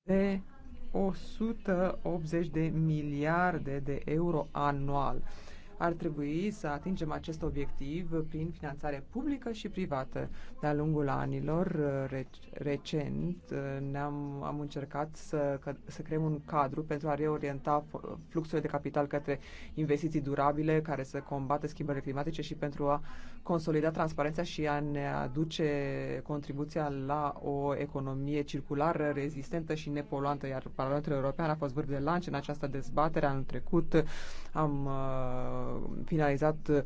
de 180 de miliarde de euro anual. Ar trebui să atingem acest obiectiv prin finanțare publică și privată. De-a lungul anilor, recent, ne-am am încercat să, să creăm un cadru pentru a reorienta fluxurile de capital către investiții durabile care să combată schimbările climatice și pentru a consolida transparența și a ne aduce contribuția la o economie circulară, rezistentă și nepoluantă, iar Parlamentul European a fost vârf de lanț în această dezbatere anul trecut am uh, finalizat uh,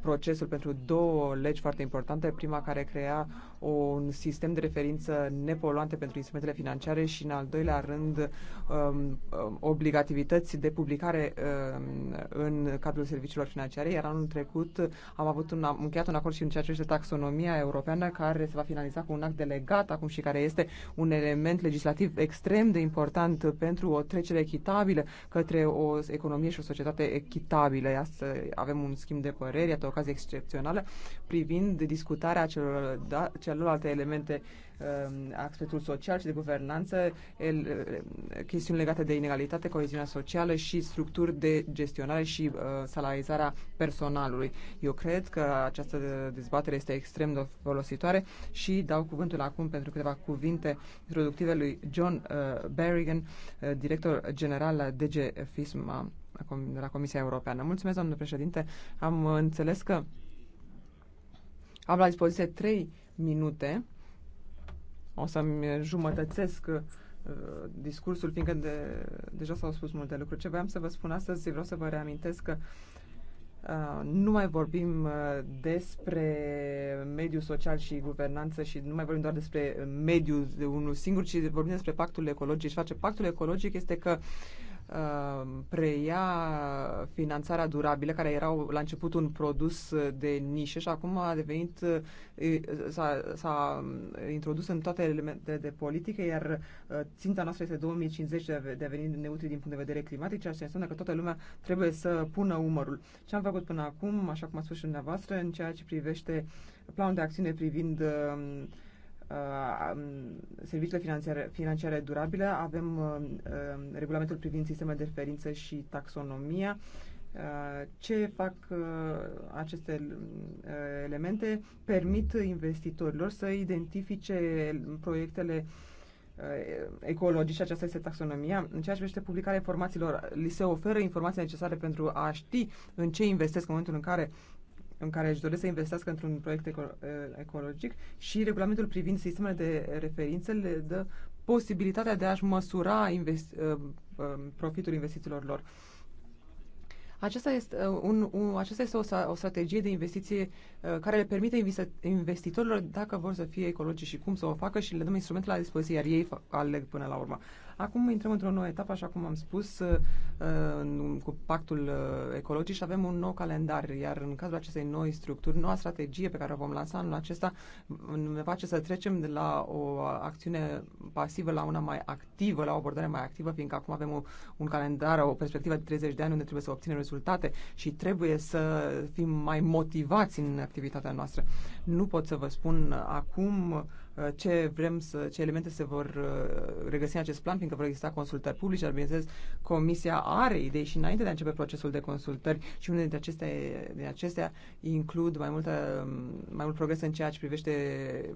procesul pentru două legi foarte importante. Prima care crea un sistem de referință nepoluante pentru instrumentele financiare și, în al doilea rând, um, um, obligativități de publicare um, în cadrul serviciilor financiare, iar anul trecut am avut un, am încheiat un acord și în ceea ce este taxonomia europeană, care se va finaliza cu un act delegat acum și care este un element legislativ extrem de important pentru o trecere echitabilă către o economie și o societate echitabilă. Asta avem un schimb de păreri, iată o ocazie excepțională privind discutarea celor, da, celor celelalte elemente, um, aspectul social și de guvernanță, el, uh, chestiuni legate de inegalitate, coeziunea socială și structuri de gestionare și uh, salarizarea personalului. Eu cred că această dezbatere este extrem de folositoare și dau cuvântul acum pentru câteva cuvinte introductive lui John uh, Berrigan, uh, director general la DG FISMA de la Comisia Europeană. Mulțumesc, domnule președinte. Am înțeles că am la dispoziție trei minute. O să-mi jumătățesc uh, discursul, fiindcă de, deja s-au spus multe lucruri. Ce voiam să vă spun astăzi, vreau să vă reamintesc că Uh, nu mai vorbim uh, despre mediul social și guvernanță și nu mai vorbim doar despre mediul de unul singur, ci vorbim despre pactul ecologic. Și face pactul ecologic este că uh, Uh, preia finanțarea durabilă, care era la început un produs de nișă și acum a devenit, uh, s-a, introdus în toate elementele de politică, iar uh, ținta noastră este 2050 de a veni neutri din punct de vedere climatic, ceea ce înseamnă că toată lumea trebuie să pună umărul. Ce am făcut până acum, așa cum a spus și dumneavoastră, în ceea ce privește planul de acțiune privind uh, Uh, serviciile financiare, financiare durabile, avem uh, uh, regulamentul privind sistemele de referință și taxonomia. Ce fac aceste elemente? Permit investitorilor să identifice proiectele ecologice, aceasta este taxonomia. În ceea ce privește publicarea informațiilor, li se oferă informații necesare pentru a ști în ce investesc în momentul în care în care își doresc să investească într-un proiect eco- ecologic și regulamentul privind sistemele de referință le dă posibilitatea de a-și măsura invest- profitul investițiilor lor. Aceasta este, un, un, aceasta este o, o strategie de investiție uh, care le permite investitorilor, dacă vor să fie ecologici și cum să o facă, și le dăm instrumentele la dispoziție, iar ei aleg până la urmă. Uh, Acum intrăm într-o nouă etapă, așa cum am spus, uh, cu pactul uh, ecologic și avem un nou calendar, iar în cazul acestei noi structuri, noua strategie pe care o vom lansa anul acesta ne face să trecem de la o acțiune pasivă la una mai activă, la o abordare mai activă, fiindcă acum avem o, un calendar, o perspectivă de 30 de ani unde trebuie să obținem rezultate și trebuie să fim mai motivați în activitatea noastră. Nu pot să vă spun acum Uh, ce vrem să, ce elemente se vor uh, regăsi în acest plan, fiindcă vor exista consultări publice, dar bineînțeles Comisia are idei și înainte de a începe procesul de consultări și unele dintre acestea, din acestea includ mai, multă, mai mult progres în ceea ce privește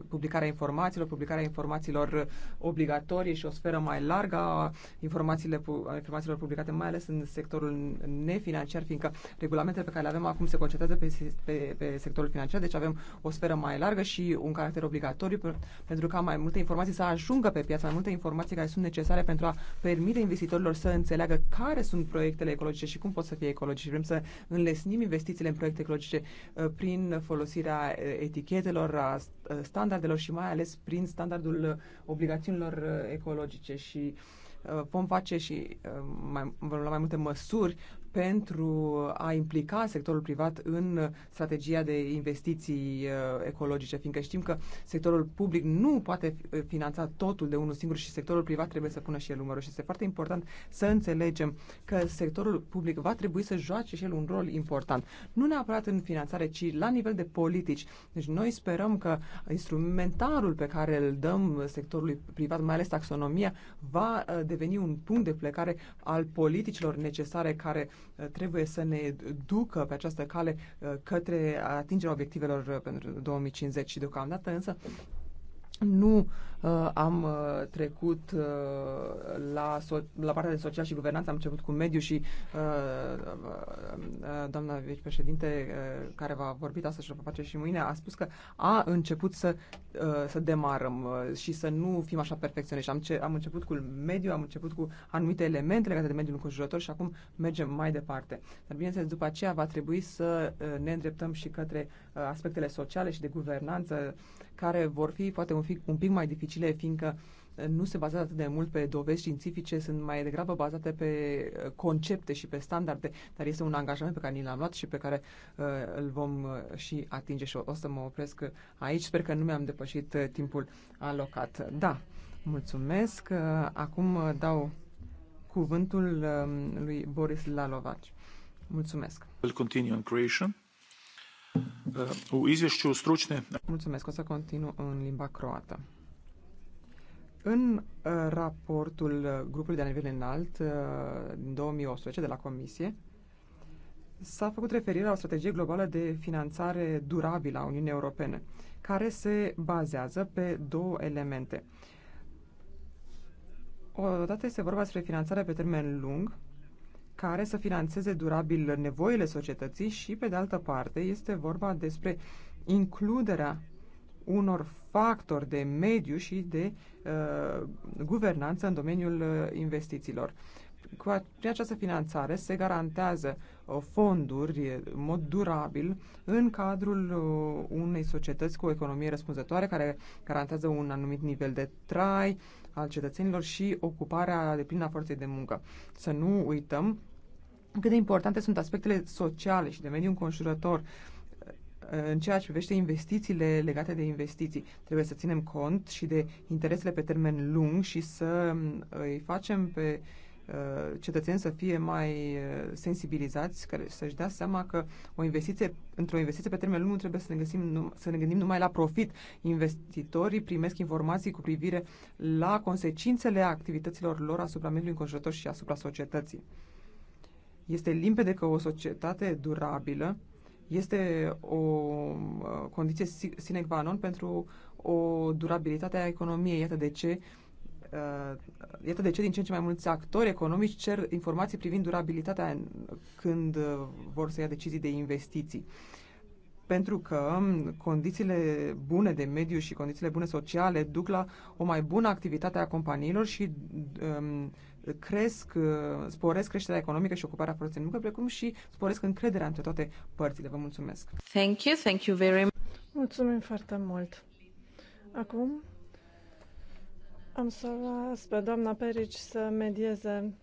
publicarea informațiilor, publicarea informațiilor obligatorii și o sferă mai largă a informațiile, a informațiilor publicate, mai ales în sectorul nefinanciar, fiindcă regulamentele pe care le avem acum se concentrează pe, pe, pe sectorul financiar, deci avem o sferă mai largă și un caracter obligatoriu pentru ca mai multe informații să ajungă pe piață, mai multe informații care sunt necesare pentru a permite investitorilor să înțeleagă care sunt proiectele ecologice și cum pot să fie ecologice. Vrem să înlesnim investițiile în proiecte ecologice uh, prin folosirea uh, etichetelor, a uh, standardelor și mai ales prin standardul obligațiunilor ecologice și vom face și mai, vom lua mai multe măsuri pentru a implica sectorul privat în strategia de investiții uh, ecologice, fiindcă știm că sectorul public nu poate uh, finanța totul de unul singur și sectorul privat trebuie să pună și el numărul. Și este foarte important să înțelegem că sectorul public va trebui să joace și el un rol important. Nu neapărat în finanțare, ci la nivel de politici. Deci noi sperăm că instrumentarul pe care îl dăm sectorului privat, mai ales taxonomia, va uh, deveni un punct de plecare al politicilor necesare care Uh, trebuie să ne ducă pe această cale uh, către atingerea obiectivelor uh, pentru 2050 și deocamdată, însă nu uh, am uh, trecut uh, la, so- la partea de social și guvernanță, am început cu mediu și uh, uh, uh, doamna vicepreședinte, uh, care va vorbi astăzi și o va face și mâine, a spus că a început să, uh, să demarăm uh, și să nu fim așa perfecționiști. Am, ce- am început cu mediu, am început cu anumite elemente legate de mediul înconjurător și acum mergem mai departe. Dar bineînțeles, după aceea va trebui să uh, ne îndreptăm și către uh, aspectele sociale și de guvernanță, care vor fi poate un pic, un pic mai dificile, fiindcă uh, nu se bazează atât de mult pe dovezi științifice, sunt mai degrabă bazate pe uh, concepte și pe standarde, dar este un angajament pe care ni l-am luat și pe care uh, îl vom uh, și atinge și o, o să mă opresc aici. Sper că nu mi-am depășit timpul alocat. Da, mulțumesc. acum dau cuvântul um, lui Boris Lalovaci. Mulțumesc. Will continue on creation. Uh, Mulțumesc, o să continu în limba croată. În uh, raportul grupului de la nivel înalt uh, din 2018 de la Comisie, s-a făcut referire la o strategie globală de finanțare durabilă a Uniunii Europene, care se bazează pe două elemente. Odată este vorba despre finanțarea pe termen lung, care să financeze durabil nevoile societății și, pe de altă parte, este vorba despre includerea unor factori de mediu și de uh, guvernanță în domeniul uh, investițiilor. Cu această finanțare se garantează uh, fonduri uh, în mod durabil în cadrul unei societăți cu o economie răspunzătoare care garantează un anumit nivel de trai al cetățenilor și ocuparea de plină a forței de muncă. Să nu uităm cât de importante sunt aspectele sociale și de mediu înconjurător uh, în ceea ce privește investițiile legate de investiții. Trebuie să ținem cont și de interesele pe termen lung și să um, îi facem pe uh, cetățeni să fie mai uh, sensibilizați, să-și dea seama că o investiție, într-o investiție pe termen lung trebuie să ne, găsim, să ne gândim numai la profit. Investitorii primesc informații cu privire la consecințele activităților lor asupra mediului înconjurător și asupra societății. Este limpede că o societate durabilă este o uh, condiție sine qua non pentru o durabilitate a economiei. Iată de ce uh, iată de ce din ce în ce mai mulți actori economici cer informații privind durabilitatea când uh, vor să ia decizii de investiții. Pentru că um, condițiile bune de mediu și condițiile bune sociale duc la o mai bună activitate a companiilor și um, cresc, uh, sporesc creșterea economică și ocuparea forței de muncă, precum și sporesc încrederea între toate părțile. Vă mulțumesc! Thank you, thank you very much! Mulțumim foarte mult! Acum am să las pe doamna Perici să medieze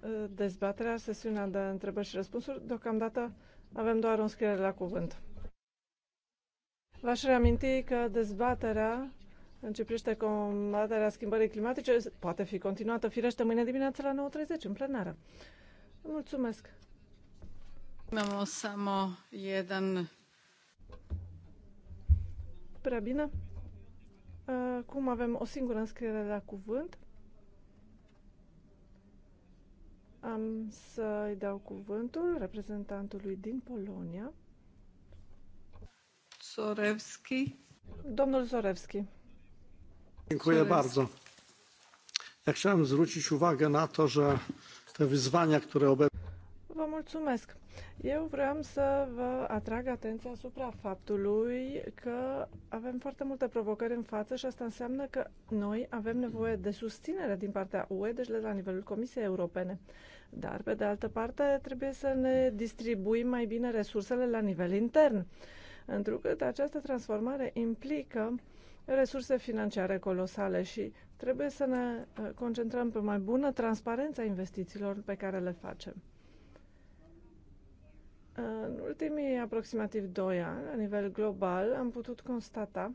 uh, dezbaterea, sesiunea de întrebări și răspunsuri. Deocamdată avem doar o înscriere la cuvânt. V-aș reaminti că dezbaterea în ce privește combaterea schimbării climatice, poate fi continuată firește mâine dimineața la 9.30 în plenară. Mulțumesc! Prea bine. Acum avem o singură înscriere la cuvânt. Am să-i dau cuvântul reprezentantului din Polonia. Zorevski. Domnul Zorevski. Dziękuję bardzo. Ja chciałem zwrócić uwagę na to, że te wyzwania, które obecnie. Vă mulțumesc. Eu vreau să vă atrag atenția asupra faptului că avem foarte multe provocări în față și asta înseamnă că noi avem nevoie de susținere din partea UE, deci de la nivelul Comisiei Europene. Dar, pe de altă parte, trebuie să ne distribuim mai bine resursele la nivel intern, întrucât această transformare implică resurse financiare colosale și trebuie să ne uh, concentrăm pe mai bună transparența investițiilor pe care le facem. În ultimii aproximativ 2 ani, la nivel global, am putut constata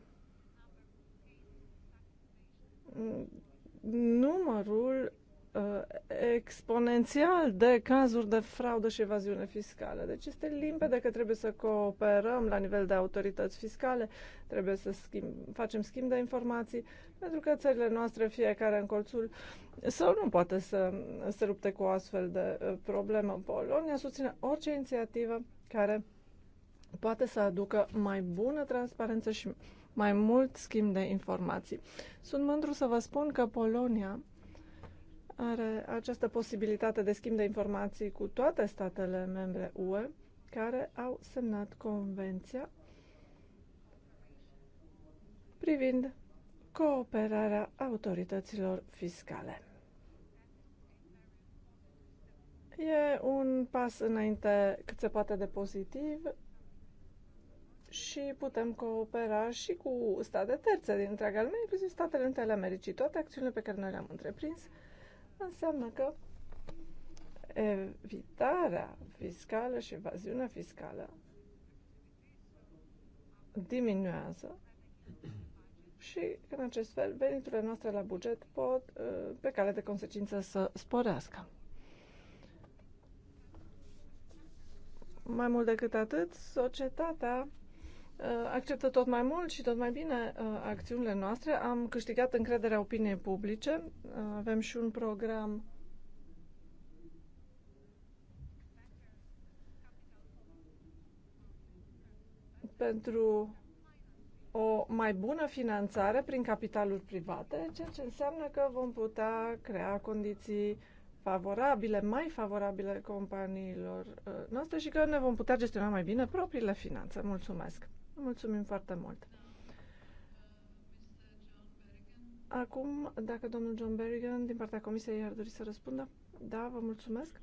numărul Uh, exponențial de cazuri de fraudă și evaziune fiscală. Deci este limpede că trebuie să cooperăm la nivel de autorități fiscale, trebuie să schimb, facem schimb de informații, pentru că țările noastre, fiecare în colțul sau nu poate să se lupte cu o astfel de uh, problemă. Polonia susține orice inițiativă care poate să aducă mai bună transparență și mai mult schimb de informații. Sunt mândru să vă spun că Polonia are această posibilitate de schimb de informații cu toate statele membre UE care au semnat convenția privind cooperarea autorităților fiscale. E un pas înainte cât se poate de pozitiv și putem coopera și cu state terțe din întreaga lume, inclusiv Statele Unite ale Americii. Toate acțiunile pe care noi le-am întreprins înseamnă că evitarea fiscală și evaziunea fiscală diminuează și, în acest fel, veniturile noastre la buget pot, uh, pe cale de consecință, să sporească. Mai mult decât atât, societatea Uh, acceptă tot mai mult și tot mai bine uh, acțiunile noastre. Am câștigat încrederea opiniei publice. Uh, avem și un program pentru o mai bună finanțare prin capitaluri private, ceea ce înseamnă că vom putea crea condiții favorabile, mai favorabile companiilor noastre și că ne vom putea gestiona mai bine propriile finanțe. Mulțumesc! Mulțumim foarte mult! Acum, dacă domnul John Bergen, din partea Comisiei, ar dori să răspundă? Da, vă mulțumesc.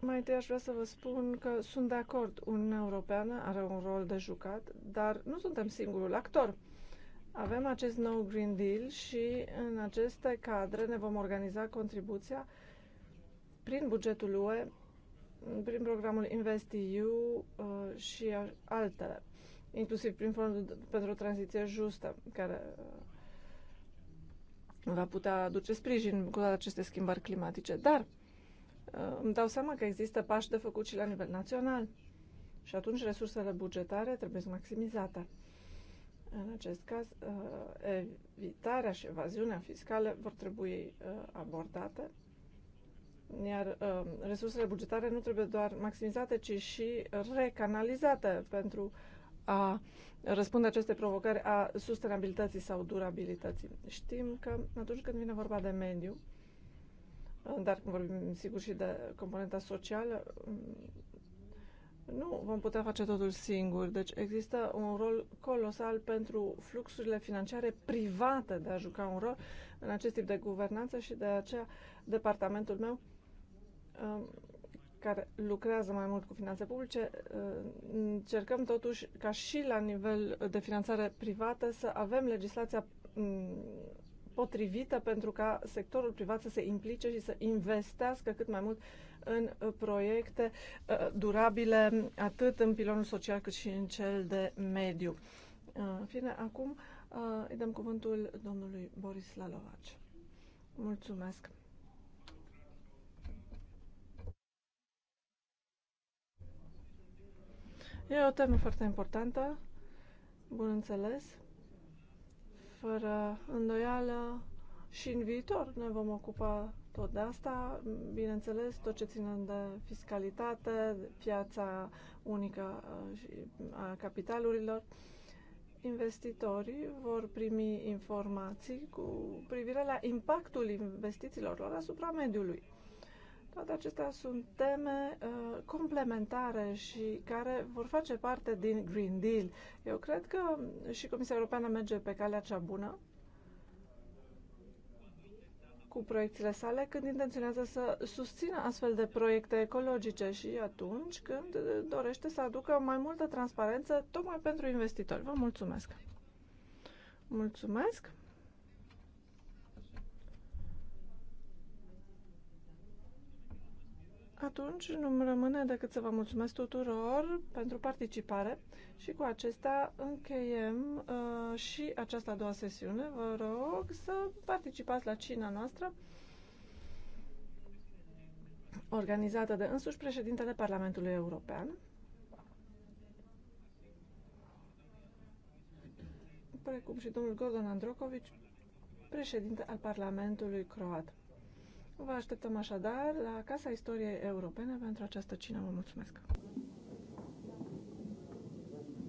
Mai întâi aș vrea să vă spun că sunt de acord. Uniunea Europeană are un rol de jucat, dar nu suntem singurul actor. Avem acest nou Green Deal și în aceste cadre ne vom organiza contribuția prin bugetul UE prin programul InvestEU uh, și altele, inclusiv prin Fondul pentru o tranziție justă, care uh, va putea aduce sprijin cu toate aceste schimbări climatice. Dar uh, îmi dau seama că există pași de făcut și la nivel național. Și atunci resursele bugetare trebuie maximizate. În acest caz, evitarea și evaziunea fiscale vor trebui abordate iar uh, resursele bugetare nu trebuie doar maximizate, ci și recanalizate pentru a răspunde aceste provocări a sustenabilității sau durabilității. Știm că atunci când vine vorba de mediu, uh, dar când vorbim sigur și de componenta socială, um, nu vom putea face totul singur. Deci există un rol colosal pentru fluxurile financiare private de a juca un rol în acest tip de guvernanță și de aceea departamentul meu Um, care lucrează mai mult cu finanțe publice, uh, încercăm totuși ca și la nivel de finanțare privată să avem legislația um, potrivită pentru ca sectorul privat să se implice și să investească cât mai mult în uh, proiecte uh, durabile, atât în pilonul social cât și în cel de mediu. În fine, acum îi dăm cuvântul domnului Boris Lalovaci. Mulțumesc! E o temă foarte importantă, bun înțeles. Fără îndoială și în viitor ne vom ocupa tot de asta, bineînțeles, tot ce ține de fiscalitate, piața unică uh, și a capitalurilor. Investitorii vor primi informații cu privire la impactul investițiilor lor asupra mediului. Toate acestea sunt teme uh, complementare și care vor face parte din Green Deal. Eu cred că și Comisia Europeană merge pe calea cea bună cu proiectele sale când intenționează să susțină astfel de proiecte ecologice și atunci când dorește să aducă mai multă transparență tocmai pentru investitori. Vă mulțumesc! Mulțumesc! Atunci nu mi rămâne decât să vă mulțumesc tuturor pentru participare și cu acesta încheiem uh, și această a doua sesiune. Vă rog să participați la cina noastră organizată de însuși președintele Parlamentului European. precum și domnul Gordon Androkovici, președinte al Parlamentului Croat. Vă așteptăm așadar la Casa Istoriei Europene pentru această cină. Vă mulțumesc!